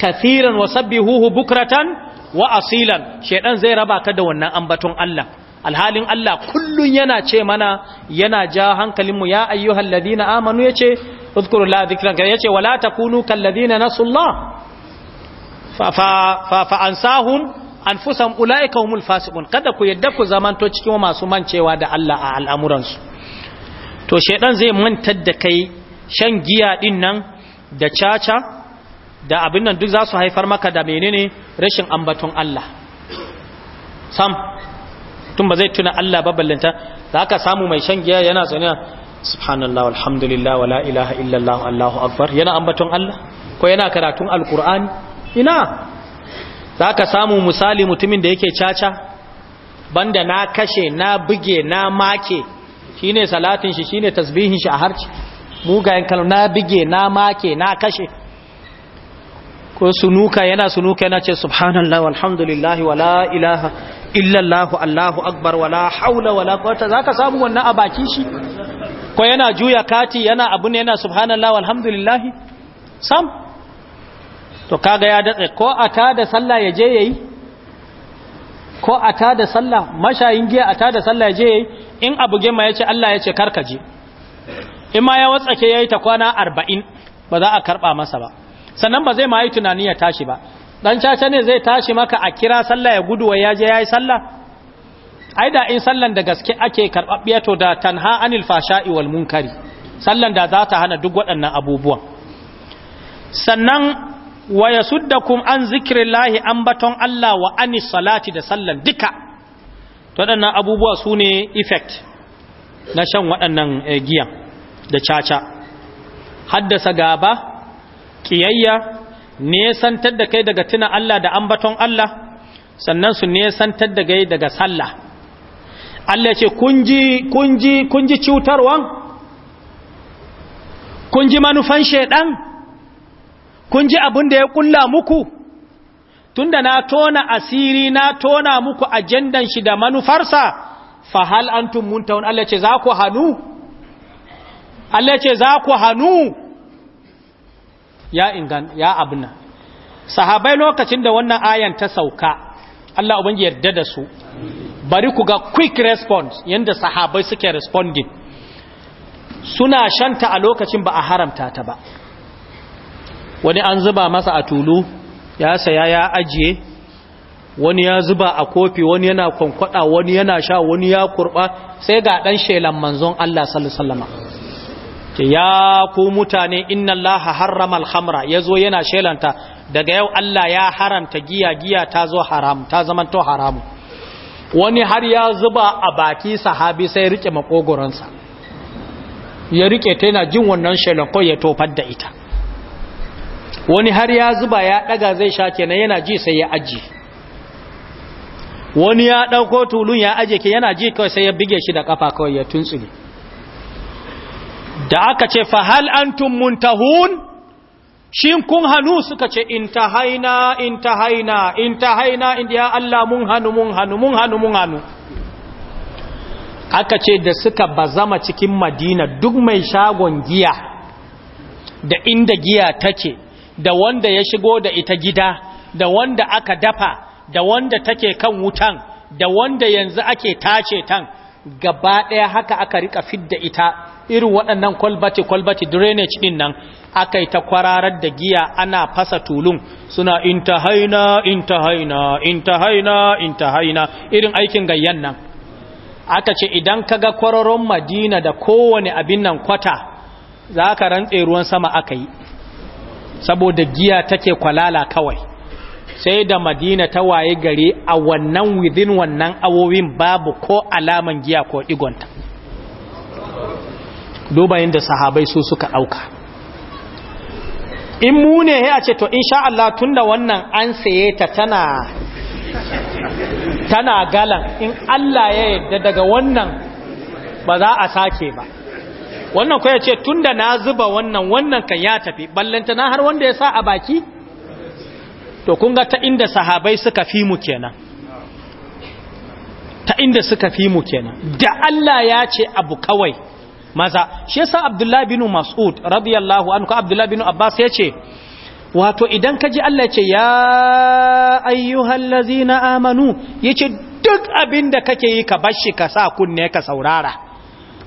kathiran wa huhu bukratan wa asilan shaidan zai raba ka da wannan ambaton Allah alhalin Allah kullun yana ce mana yana ja hankalinmu ya ayyuhal ladina amanu yace uzkuru la dhikran ya yace wala takunu kal ladina nasullah fa fa fa ansahum anfusahum ulaika humul fasiqun kada ku yadda ku zamanto cikin masu mancewa da Allah a al'amuransu to shedan zai mantar da kai shan giya din nan da caca da abin nan duk za su haifar maka da menene rashin ambaton Allah sam tun ba zai tuna Allah ba ballanta da aka samu mai shan giya yana zaune subhanallah alhamdulillah wala ilaha illallah allahu akbar yana ambaton Allah ko yana karatun alqur'ani ina za ka samu misali mutumin da yake caca banda na kashe na buge na make shine salatin shi shine tasbihin shi a harci mugayen kalmar na buge na make na kashe ko sunuka yana sunuka yana ce subhanallah walhamdulillah wala ilaha illallahu allahu akbar wala haula wala quwwata zaka samu wannan a bakin shi ko yana juya kati yana abu ne yana subhanallahi walhamdulillah sam to kaga ya datse ko a tada sallah ya je yayi ko a tada sallah mashayin giya a tada sallah ya je yayi in abu gema yace Allah yace karkaje in ma ya watsake yayi ta kwana 40 ba za a karba masa ba sannan ba zai ma yi tunani ya tashi ba dan caca ne zai tashi maka a kira sallah ya gudu wa yaje yayi sallah ai da in sallan da gaske ake karbabbiya to da tanha anil fashai wal munkari sallan da za ta hana duk waɗannan abubuwan sannan wa yasuddakum an zikrillahi an baton Allah wa anis salati da sallan duka to waɗannan abubuwa su ne effect na shan waɗannan eh, giyan da caca haddasa gaba ƙiyayya nesantar da kai daga tuna Allah da ambaton Allah sannan su nesantar da kai daga sallah Allah ce kunji kunji kunji cutarwan kunji manufan shedan kunji abin da ya kulla muku tunda na tona asiri na tona muku ajandan shi da manufarsa fa hal antum muntahun Allah ce za ku hanu Allah ce za ku hanu ya ingan ya abuna sahabai lokacin da wannan ayan ta sauka Allah ubangi yarda da su bari ku ga quick response yanda sahabai suke responding suna shanta a lokacin ba a haramta ta ba wani an zuba masa a tulu ya saya ya ajiye wani ya zuba a kofi wani yana kwankwada wani yana sha wani ya kurba sai ga dan shelan manzon Allah sallallahu alaihi wasallam ya ku mutane inna allaha harrama alhamra yazo yana shelanta daga yau Allah ya haramta giya giya ta zo haram ta to haramu wani har ya zuba a baki sahabi sai rike sa ya rike ta yana jin wannan shelan ko ya tofar da ita wani har ya zuba ya daga zai sha kenan yana ji sai ya aji wani ya dauko tulun ya aje ke yana ji kawai sai ya bige shi da kafa kawai ya tuntsule da aka ce fahal antum muntahun shin kun hannu suka ce intahaina intahaina intahaina indiya Allah mun hannu mun hannu mun hannu mun hannu aka ce da suka bazama cikin madina duk mai shagon giya da inda giya take da wanda ya shigo da ita gida da wanda aka dafa da wanda take kan wutan da wanda yanzu ake tace tan gaba ɗaya haka aka rika fidda ita irin waɗannan kwalbati-kwalbati drainage ɗin nan aka yi ta kwararar da giya ana fasa tulun suna intahaina intahaina intahaina intahaina irin aikin gayyan nan aka ce idan ka ga kwararon madina da kowane abin nan kwata za ka rantse ruwan sama aka yi saboda giya take kwalala kawai sai da madina ta waye gare a wannan within wannan awowin babu ko alaman giya ko igonta. duba da sahabai su suka ɗauka in mu ne ya ce to insha Allah tunda wannan an saye ta tana tana galan in Allah ya yadda daga wannan ba za a sake ba wannan ko ya ce tunda na zuba wannan wannan kan ya tafi Ballanta na har wanda ya sa a baki to kun ga ta inda sahabai suka fi mu kenan ta inda suka fi mu kenan da Allah ya ce abu kawai maza shi yasa bin Mas'ud radiyallahu anhu ka Abdullahi bin Abbas ya ce wato idan kaji Allah ya ce ya ayyuhallazina amanu yace duk abinda kake yi ka bashi ka sa kunne ka saurara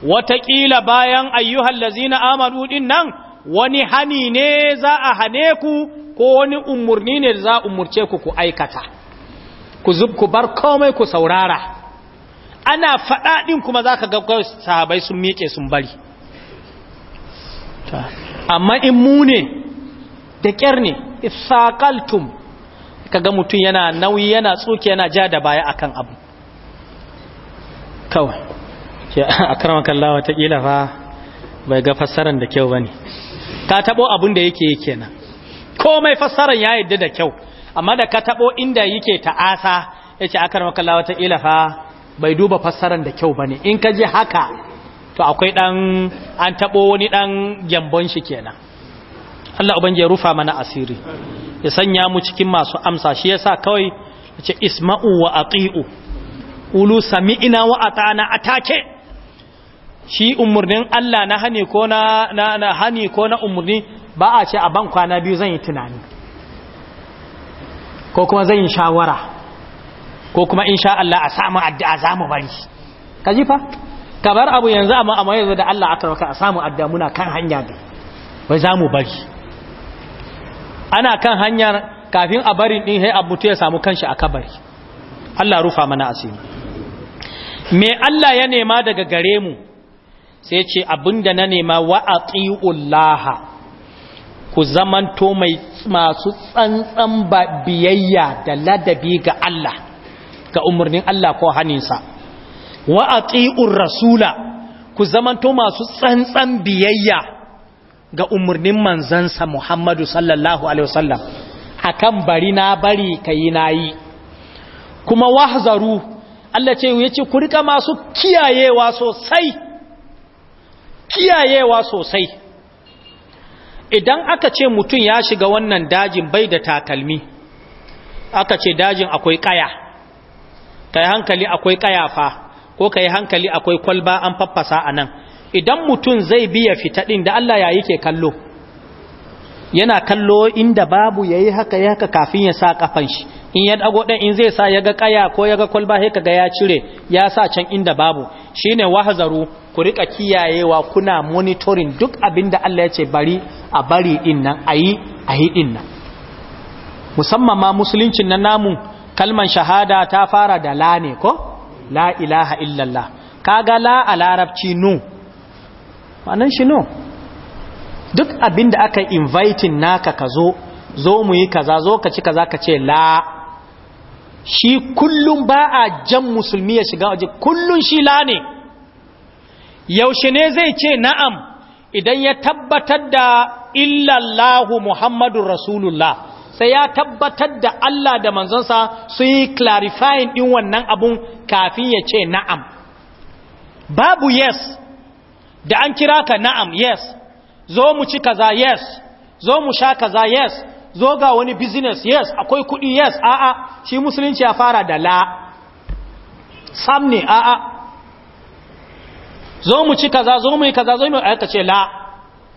wataƙila bayan ayyuhallazina amanu din nan wani hani ne za a hane ku ko wani umurni ne za a umurce ku ku aikata ku zub ku bar komai ku saurara ana faɗaɗin kuma za ka gaggawar sahabai sun miƙe sun bari amma in mu ne da ƙyar ne isaƙaltum ka ga mutum yana nauyi yana tsoke yana ja da baya akan abu kawai a karamakan ta ƙila fa bai ga fassarar da kyau ba ne Ka tabo abin da yake yake na komai fassarar ya yadda da kyau amma da ka tabo inda yake ta'asa yace akar makalla wata ilafa bai duba fassarar da kyau bane in ka je haka to akwai dan an tabo wani dan gyambon shi kenan Allah ubangi ya rufa mana asiri ya sanya mu cikin masu amsa shi yasa kawai yace isma'u wa aqi'u ulu sami'ina wa ata'na atake shi umurnin Allah na hani ko na na hani ko na umurni ba a ce a ban kwana biyu zan yi tunani ko kuma zan yi shawara ko kuma insha Allah a samu addu'a za mu bari ka ji fa ka bar abu yanzu amma amma yanzu da Allah aka raka a samu addu'a muna kan hanya ne wai za mu bari ana kan hanyar kafin a bari din sai abu ya samu kanshi a kabari Allah rufa mana asiri me Allah ya nema daga gare mu sai ce abinda na nema wa Laha ku zamanto masu tsantsan ba biyayya da ladabi ga Allah ga umarnin Allah ko haninsa wa atiur rasula ku zamanto masu tsantsan biyayya ga umarnin manzansa Muhammadu sallallahu alaihi wasallam kan bari na bari ka yi na yi. kuma wahzaru Allah ce yi ku rika masu kiyayewa sosai kiyayewa sosai idan aka ce mutum ya shiga wannan dajin bai da takalmi aka ce dajin akwai kaya ka yi hankali akwai kayafa ko ka yi hankali akwai kwalba an faffasa a nan idan mutum zai biya fitaɗin da Allah ya yi ke kallo yana kallo inda babu yayi haka ya haka kafin ya sa kafan shi in ya dago dan in zai sa ya ga kaya ko ya ga kwalba sai kaga ya cire ya sa can inda babu shine wahazaru ku rika kiyayewa kuna monitoring duk abinda Allah ya ce bari a bari din nan ayi ayi din nan musamman ma musuluncin na namu kalman shahada ta fara da la ne ko la ilaha illallah kaga la a larabci nu wannan shi no duk abin da aka inviting naka ka zo zo mu yi kaza zo ka ci kaza ka ce la shi kullum ba a jan musulmi ya shiga waje kullum shi la ne yaushe ne zai ce na'am idan ya tabbatar da illallahu muhammadun rasulullah sai ya tabbatar da Allah da manzonsa su yi clarifying din wannan abun kafin ya ce na'am babu yes da an kira ka na'am yes zo mu ci kaza yes zo mu sha kaza yes zo ga wani business yes akwai kuɗi yes a'a shi musulunci ya fara da la sam ne a'a zo mu ci kaza zo mu yi kaza zo mu aika ce la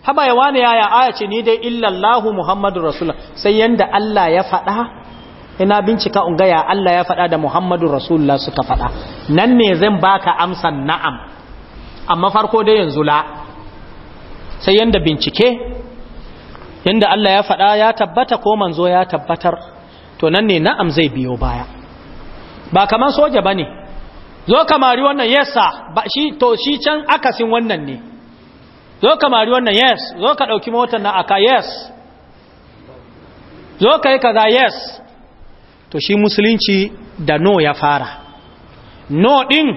haba ya wani yaya aya ce ni dai illallahu muhammadu rasulullah sai yanda Allah ya fada ina bincika un ya Allah ya fada da muhammadu rasulullah suka fada nan ne zan baka amsan na'am amma farko dai yanzu la sai yanda bincike yanda Allah ya faɗa ya tabbata ko manzo ya tabbatar to nan ne na'am zai biyo baya ba kaman soja bane zo kamari wannan yes shi to shi can akasin wannan ne zo kamari wannan yes zo ka ɗauki motar na aka yes zo kai kaza yes to shi musulunci da no ya fara no din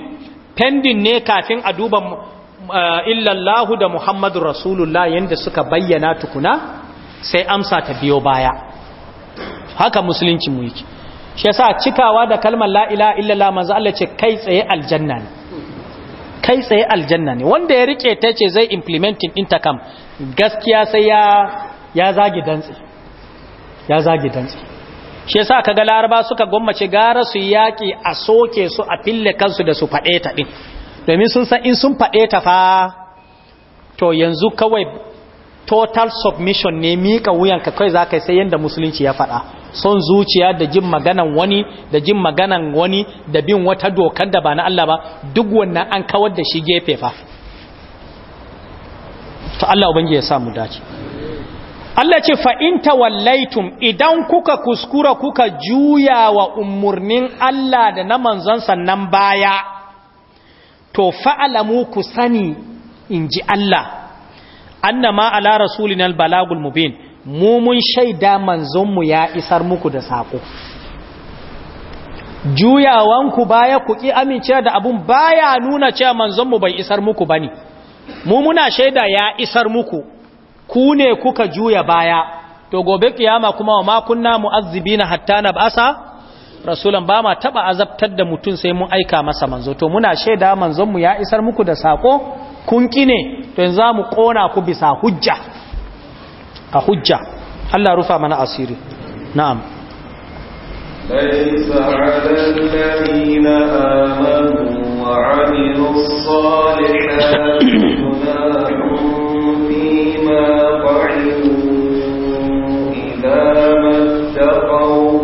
pending ne kafin a duba Eh, illallahu da muhammadu rasulullah yadda suka bayyana tukuna sai amsa ta biyo baya haka musulunci mu yake shi yasa cikawa da kalmar la ilaha illallah manzo Allah ce kai tsaye aljanna ne kai tsaye aljanna ne wanda ya rike ta ce zai implementing intercom gaskiya sai ya ya zage dantsi ya zage dantsi shi yasa kaga laraba suka gommace gara su yaki a soke su a fille kansu da su fade ta din domin sun san in sun faɗe ta fa to yanzu kawai total submission ne mika wuyanka kai za ka sai yadda musulunci ya faɗa son zuciya da jin maganan wani da jin maganan wani da bin wata dokar da ba na Allah ba duk wannan an kawar da shi gefe fa to Allah ubangiji ya sa mu dace Allah ce in tawallaitum idan kuka kuskura kuka juya wa umarnin Allah da na manzon sannan baya to fa'alamu ku sani in ji Allah annama ala rasulina albalagul mubin mu mun shaida manzonmu ya isar muku da sako juyawanku baya ku ƙi amincewa da abun baya nuna cewa manzonmu bai isar muku bane mu muna shaida ya isar muku ku ne kuka juya baya to gobe kiyama kuma wa ma kunna mu'azzibina hatta nab'asa rasulan ba ma taɓa azabtar da mutum sai mun aika masa manzo to muna shaida manzonmu ya isar muku da sako kun ne to yanzu za mu ƙona ku bisa hujja a hujja Allah rufa mana asiri na'am ليس على الذين آمنوا وعملوا الصالحات ma فيما قعدوا إذا ما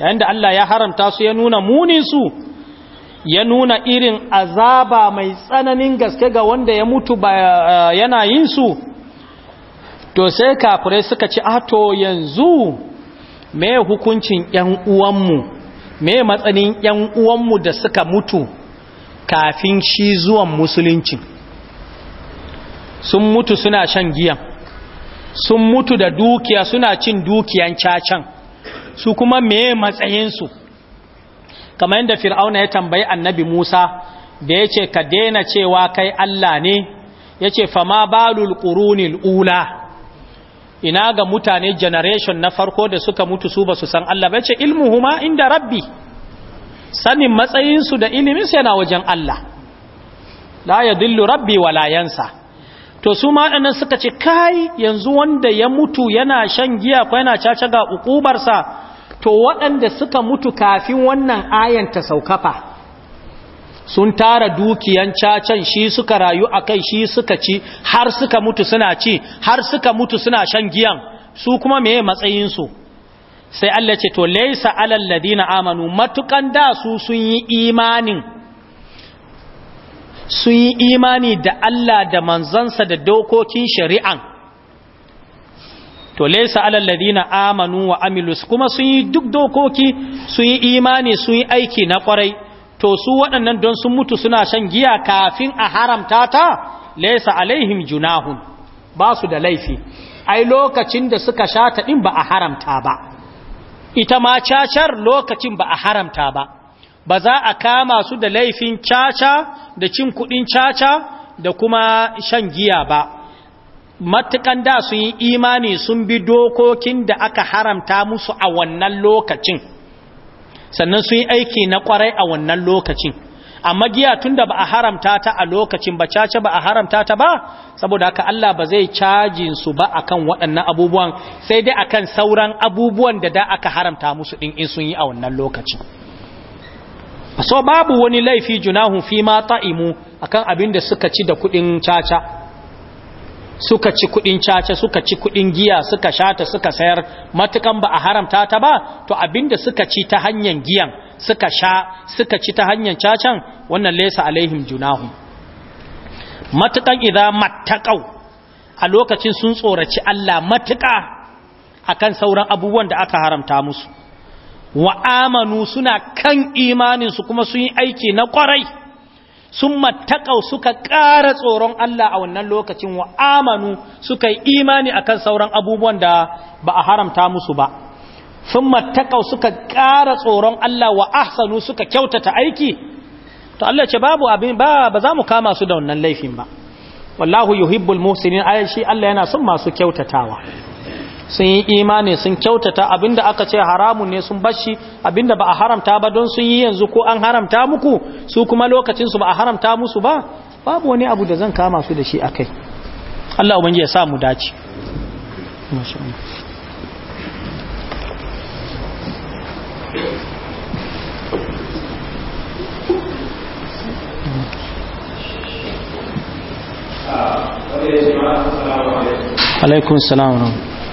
yayin da Allah ya haramta su ya nuna munin su ya nuna irin azaba mai tsananin gaske ga wanda ya mutu ba eh, yana yin su to sai kafirai suka ci ato ah, yanzu me hukuncin yan uwanmu me matsanin yan uwanmu da suka mutu kafin shi zuwan musulunci sun mutu suna shan giya sun mutu da dukiya suna cin dukiyan cacan su kuma matsayin matsayinsu kamar yadda fir'auna ya tambayi annabi musa da ya ce ka daina cewa kai allah ne ya ce fama balul ƙurunil ula ina ga mutane generation na farko da suka mutu su ba su san allah ba ce ilmuhuma inda rabbi sanin matsayinsu da iliminsu yana wajen allah la ya dillu rabbi walayansa to su maɗanan suka ce kai yanzu wanda ya mutu yana shan giya ko yana caca ga ukubarsa to waɗanda suka mutu kafin wannan ayan ta saukafa sun tara dukiyan cacan shi suka rayu a kai shi suka ci har suka mutu suna ci har suka mutu suna shan giyan su kuma meye matsayinsu sai Allah ce to laisa alal ladina amanu matukan da su sun yi imanin sun yi imani da Allah da manzansa da dokokin shari'an to laysa alal ladina amanu wa amilus kuma sun yi duk dokoki sun yi imani sun yi aiki na kwarai to su waɗannan don sun mutu suna shan giya kafin a haramta ta laysa alaihim junahun ba su da laifi ai lokacin da suka sha ta din ba a haramta ba ita ma cacar lokacin ba a haramta ba ba za a kama su da laifin caca da cin kudin caca da kuma shan giya ba matukan da sun yi imani sun bi dokokin da aka haramta musu a wannan lokacin sannan sun yi aiki na kwarai a wannan lokacin amma giya tunda ba a haramta ta a lokacin ba caca ba a haramta ta ba saboda haka Allah ba zai cajin su ba akan waɗannan abubuwan sai dai akan sauran abubuwan da da aka haramta musu din in sun yi a wannan lokacin so babu wani laifi junahun fi ma ta'imu akan abin da suka ci da kuɗin caca suka ci kudin caca suka ci kudin giya suka shata suka sayar matukan ba a haramta ta ba to abinda suka ci ta hanyar giyan suka sha suka ci ta hanyar cacan wannan laysa alaihim junahum matukan idza mattaqau a lokacin sun tsoraci Allah matuka akan sauran abubuwan da aka haramta musu wa amanu suna kan imaninsu kuma sun yi aiki na kwarai sun mattaƙau suka ƙara tsoron Allah a wannan lokacin wa amanu suka yi imani akan sauran abubuwan da ba a haramta musu ba sun mattaƙau suka ƙara tsoron Allah wa ahsanu suka kyautata aiki to Allah ce babu abin ba ba za mu kama su da wannan laifin ba wallahu yuhibbul muhsinin ayashi Allah yana son masu kyautatawa sun yi imani sun kyautata abinda aka ce haramun ne sun bashi abinda ba a haramta ba don sun yi yanzu ko an haramta muku su kuma lokacin su ba a haramta musu ba babu wani abu da zan kama su da shi akai Allah ubangiji ya sa mu dace alaikum salamu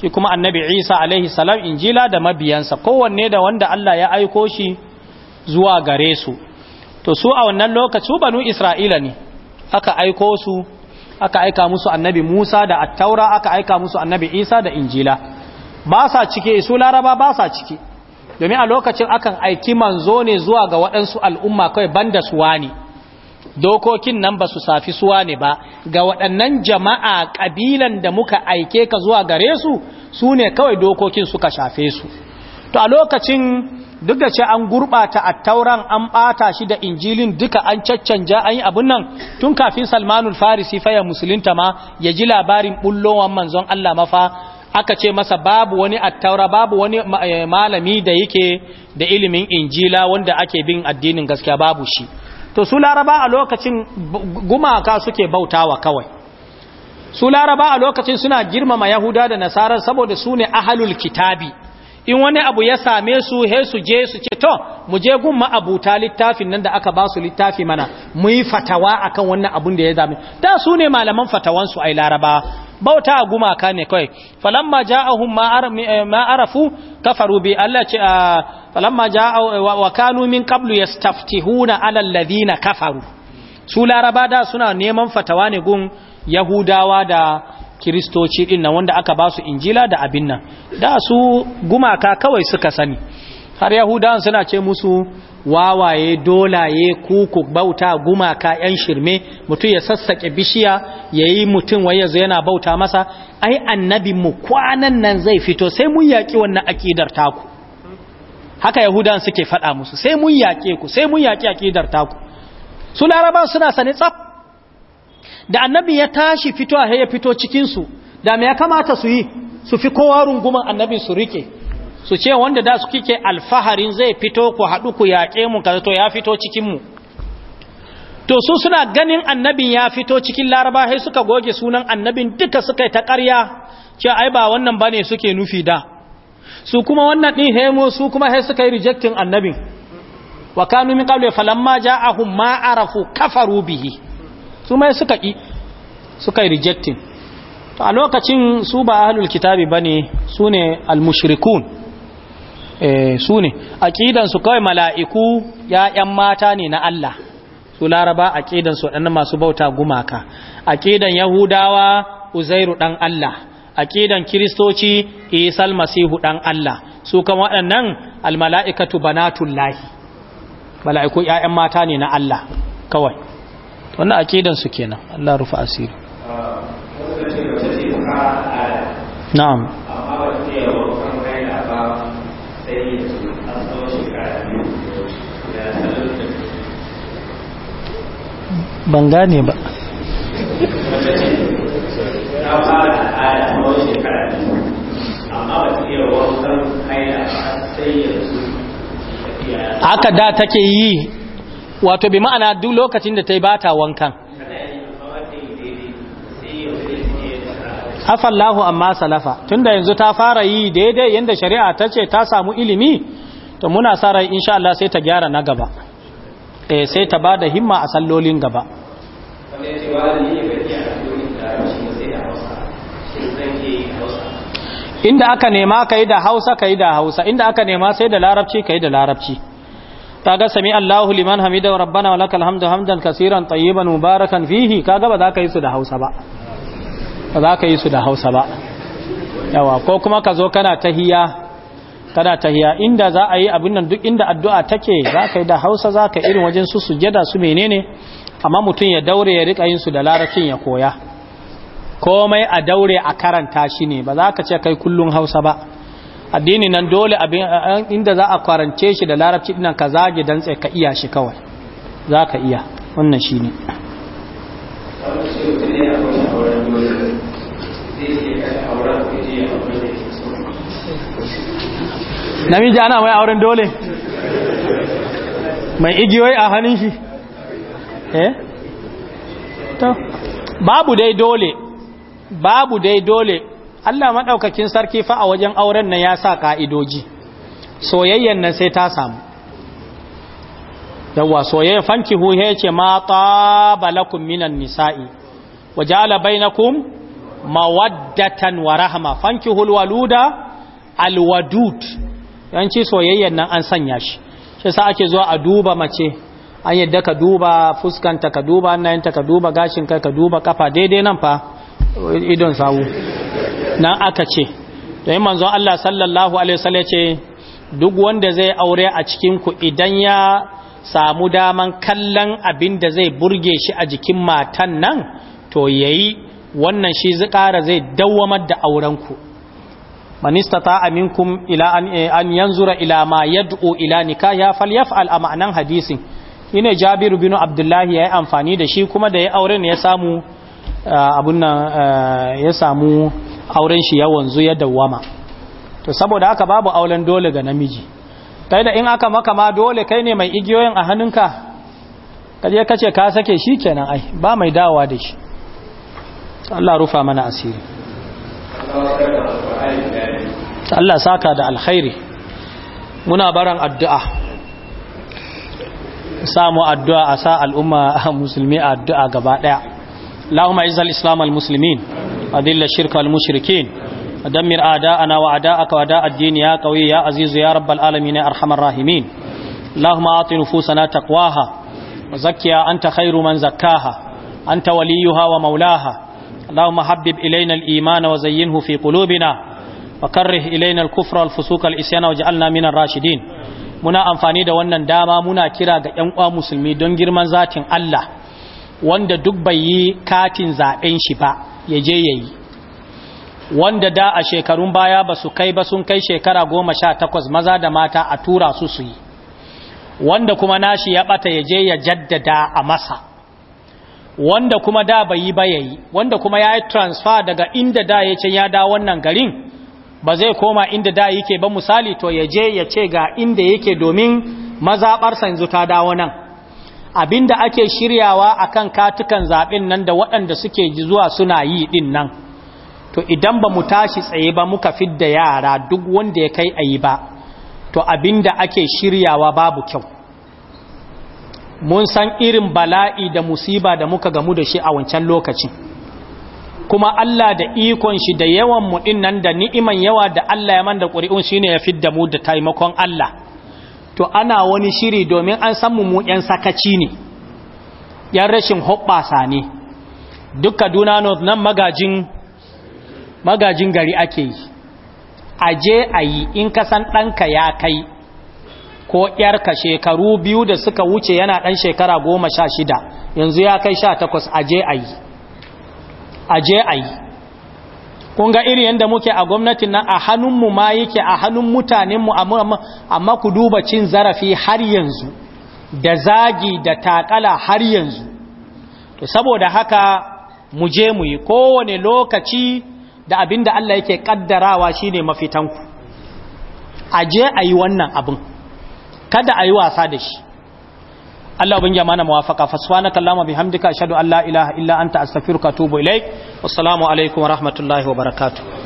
shi kuma annabi isa alaihi salam injila da mabiyansa kowanne da wanda Allah ya aiko shi zuwa gare su to su a wannan lokaci banu isra'ila ne aka aiko su aka aika musu annabi musa da attaura aka aika musu annabi isa da injila ba sa cike su laraba ba sa cike domin a lokacin akan aiki manzo ne zuwa ga waɗansu al'umma kawai banda su wani dokokin nan ba su safi suwa ne ba ga waɗannan jama'a ƙabilan da muka aike ka zuwa gare su su ne kawai dokokin suka shafe su to a lokacin duk da ce an gurɓata a tauran an ɓata shi da injilin duka an caccanja an yi abin nan tun kafin salmanul farisi faya musulunta ma ya ji labarin ɓullowar manzon Allah mafa aka ce masa babu wani attaura babu wani eh, malami da yake da ilimin injila wanda ake bin addinin gaskiya babu shi to su laraba a lokacin gumaka suke bautawa kawai su laraba a lokacin suna girmama yahuda da nasarar saboda su ne ahalul kitabi in wani abu ya same su he su je su ce to mu je gun ma'abuta littafin nan da aka ba su littafi mana mu yi fatawa akan wannan abun da ya zame ta su ne malaman fatawansu ai laraba bauta a gumaka ne kai falamma ja'ahum ma arafu kafaru bi Allah ce ah, falamma ja'a wa kanu min qablu yastaftihuna ala alladhina kafaru su laraba da suna neman fatawa ne gun yahudawa da kiristoci din nan wanda aka ba su injila da abin nan da su gumaka kawai suka sani har yahudawan suna ce musu wawaye dolaye kuku bauta gumaka yan shirme mutum ya sassake bishiya ya yi mutum wai yanzu yana bauta masa ai annabi mu kwanan nan zai fito sai mun yaƙi wannan akidar taku haka yahudawan suke faɗa musu sai mun yaƙe ku sai mun yaƙi akidar taku su suna sani tsaf da annabi ya tashi fito a ya fito cikinsu da me ya kamata su yi su fi kowa runguman annabin su rike su ce wanda da su kike alfaharin zai fito ku haɗu ku yaƙe mu kaza to ya fito cikinmu to su suna ganin annabin ya fito cikin laraba sai suka goge sunan annabin duka suka ta ƙarya ce ai ba wannan bane suke nufi da su kuma wannan din hemo su kuma sai suka yi rejectin annabin wa kanu min qablu falamma ja'ahum ma arafu kafaru bihi su mai suka ƙi suka yi rejecting to a lokacin su ba ahlul kitabi bane su ne almushirikun eh, su ne aqidan su kai mala'iku ya'yan mata ne na Allah su laraba aqidan su masu bauta gumaka aqidan yahudawa uzairu dan Allah aqidan kristoci isa almasihu dan Allah su kan waɗannan almala'ikatu lahi mala'iku ya'yan mata ne na Allah kawai wannan akidan su kenan Allah rufa asiri na'am ban gane ba haka da take yi wato bi ma'ana duk lokacin da ta yi bata wankan afallahu amma salafa tunda yanzu ta fara yi daidai yanda shari'a ta ce ta samu ilimi to muna sa rai insha Allah sai ta gyara na gaba eh sai ta bada himma a sallolin gaba inda aka nema kai da Hausa kai da Hausa inda aka nema sai da Larabci kai da Larabci kaga sami Allahu liman hamida wa rabbana wa lakal hamdu hamdan kaseeran tayyiban mubarakan fihi kaga ba za ka yi su da Hausa ba ba za ka yi su da Hausa ba yawa ko kuma ka zo kana tahiya kana tahiya inda za a yi abin nan duk inda addu'a take za ka yi da hausa za ka irin wajen su sujada su menene amma mutum ya daure ya rika yin su da larabcin ya koya komai a daure a karanta shi ne ba za ka ce kai kullun hausa ba addini nan dole abin inda za a kwarance shi da larabci dinan ka zage dantse ka iya shi kawai za ka iya wannan shi ne namiji ana mai auren dole mai igiyoyi a hannun shi eh to babu dai dole babu dai dole Allah maɗaukakin sarki fa a wajen auren na ya sa ƙa'idoji soyayyan nan sai ta samu yawa soyayya fanki huhe ce ma balakun minan nisa'i wa na kum mawaddatan wa rahma fanki hulwaluda alwadud yanci soyayyan nan an sanya shi shi sa ake zuwa a duba mace an yadda ka duba fuskanta ka duba annayinta ka duba gashin kai ka duba kafa daidai nan fa idon sawu nan aka ce in manzon Allah sallallahu alaihi wasallam ce duk wanda zai aure a cikin ku idan ya samu daman kallon abin da zai burge shi a jikin matan nan to yayi wannan shi zikara zai dawamar da auren ku man istata aminkum ila an, eh, an yanzura ila ma yad'u ila nikah ya falyaf'al a ma'anan hadisin ine Jabiru bin Abdullahi yayi amfani da shi kuma da ya aure ne ya samu Eh, abun nan eh, ya samu auren shi ya wanzu ya dawwama to saboda haka babu auren dole ga namiji kai da in aka maka ma dole kai ne mai igiyoyin a hannunka kaje kace ka sake shi kenan ai ba mai dawa da shi Allah rufa mana asiri Allah saka da alkhairi muna baran addu'a samu addu'a a sa al'umma musulmi addu'a gaba daya اللهم اعز الاسلام المسلمين اذل الشرك المشركين ودمر اعداءنا واعداءك واعداء الدين يا قوي يا عزيز يا رب العالمين يا ارحم الراحمين اللهم اعط نفوسنا تقواها وزكها انت خير من زكاها انت وليها ومولاها اللهم حبب الينا الايمان وزينه في قلوبنا وكره الينا الكفر والفسوق والعصيان واجعلنا من الراشدين muna amfani da wannan dama muna kira ga 'yan uwa musulmi don girman zatin Allah wanda duk bai yi katin zaben shi ba ya je ya yi wanda da a shekarun baya ba su kai ba sun kai shekara goma sha takwas maza da mata a tura su su yi wanda kuma nashi ya bata ya je ya jaddada a masa wanda kuma da bai yi ba ya yi wanda kuma ya yi transfer daga inda da ya ce ya da wannan garin ba zai koma inda da yake ba misali to ya je ya ce ga inda yake domin mazaɓarsa yanzu ta dawo nan abinda ake shiryawa akan katukan zaɓen nan da waɗanda suke zuwa suna yi ɗin nan to idan ba mu tashi tsaye ba muka fidda yara duk wanda ya kai ayi ba to abinda ake shiryawa babu kyau mun san irin bala'i da musiba da muka gamu da shi a wancan lokacin kuma Allah da ikon shi da yawan mu ɗin nan da ni'iman yawa da Allah ya manda da ƙuri'un shine ya fidda mu da taimakon Allah to ana wani shiri domin an san mu yan sakaci ne yan rashin hoɓɓasa ne duk kaduna north nan magajin magajin gari ake yi aje a yi in kasan ɗanka ya kai ko ƴarka shekaru biyu da suka wuce yana ɗan shekara goma sha shida yanzu ya kai sha takwas aje a aje a yi kun ga irin yadda muke a gwamnatin nan a hannunmu ma yake a hannun mutanenmu amma ku duba cin zarafi har yanzu da zagi da takala har yanzu to saboda haka mu je mu yi kowane lokaci da abinda Allah yake kaddarawa shine mafitanku a je a yi wannan abin kada a yi wasa da shi Allah ubangiya mana muwafaqa faswanaka Allahumma bihamdika ashhadu an la ilaha illa anta astaghfiruka wa atubu ilaik wassalamu alaikum wa rahmatullahi wa barakatuh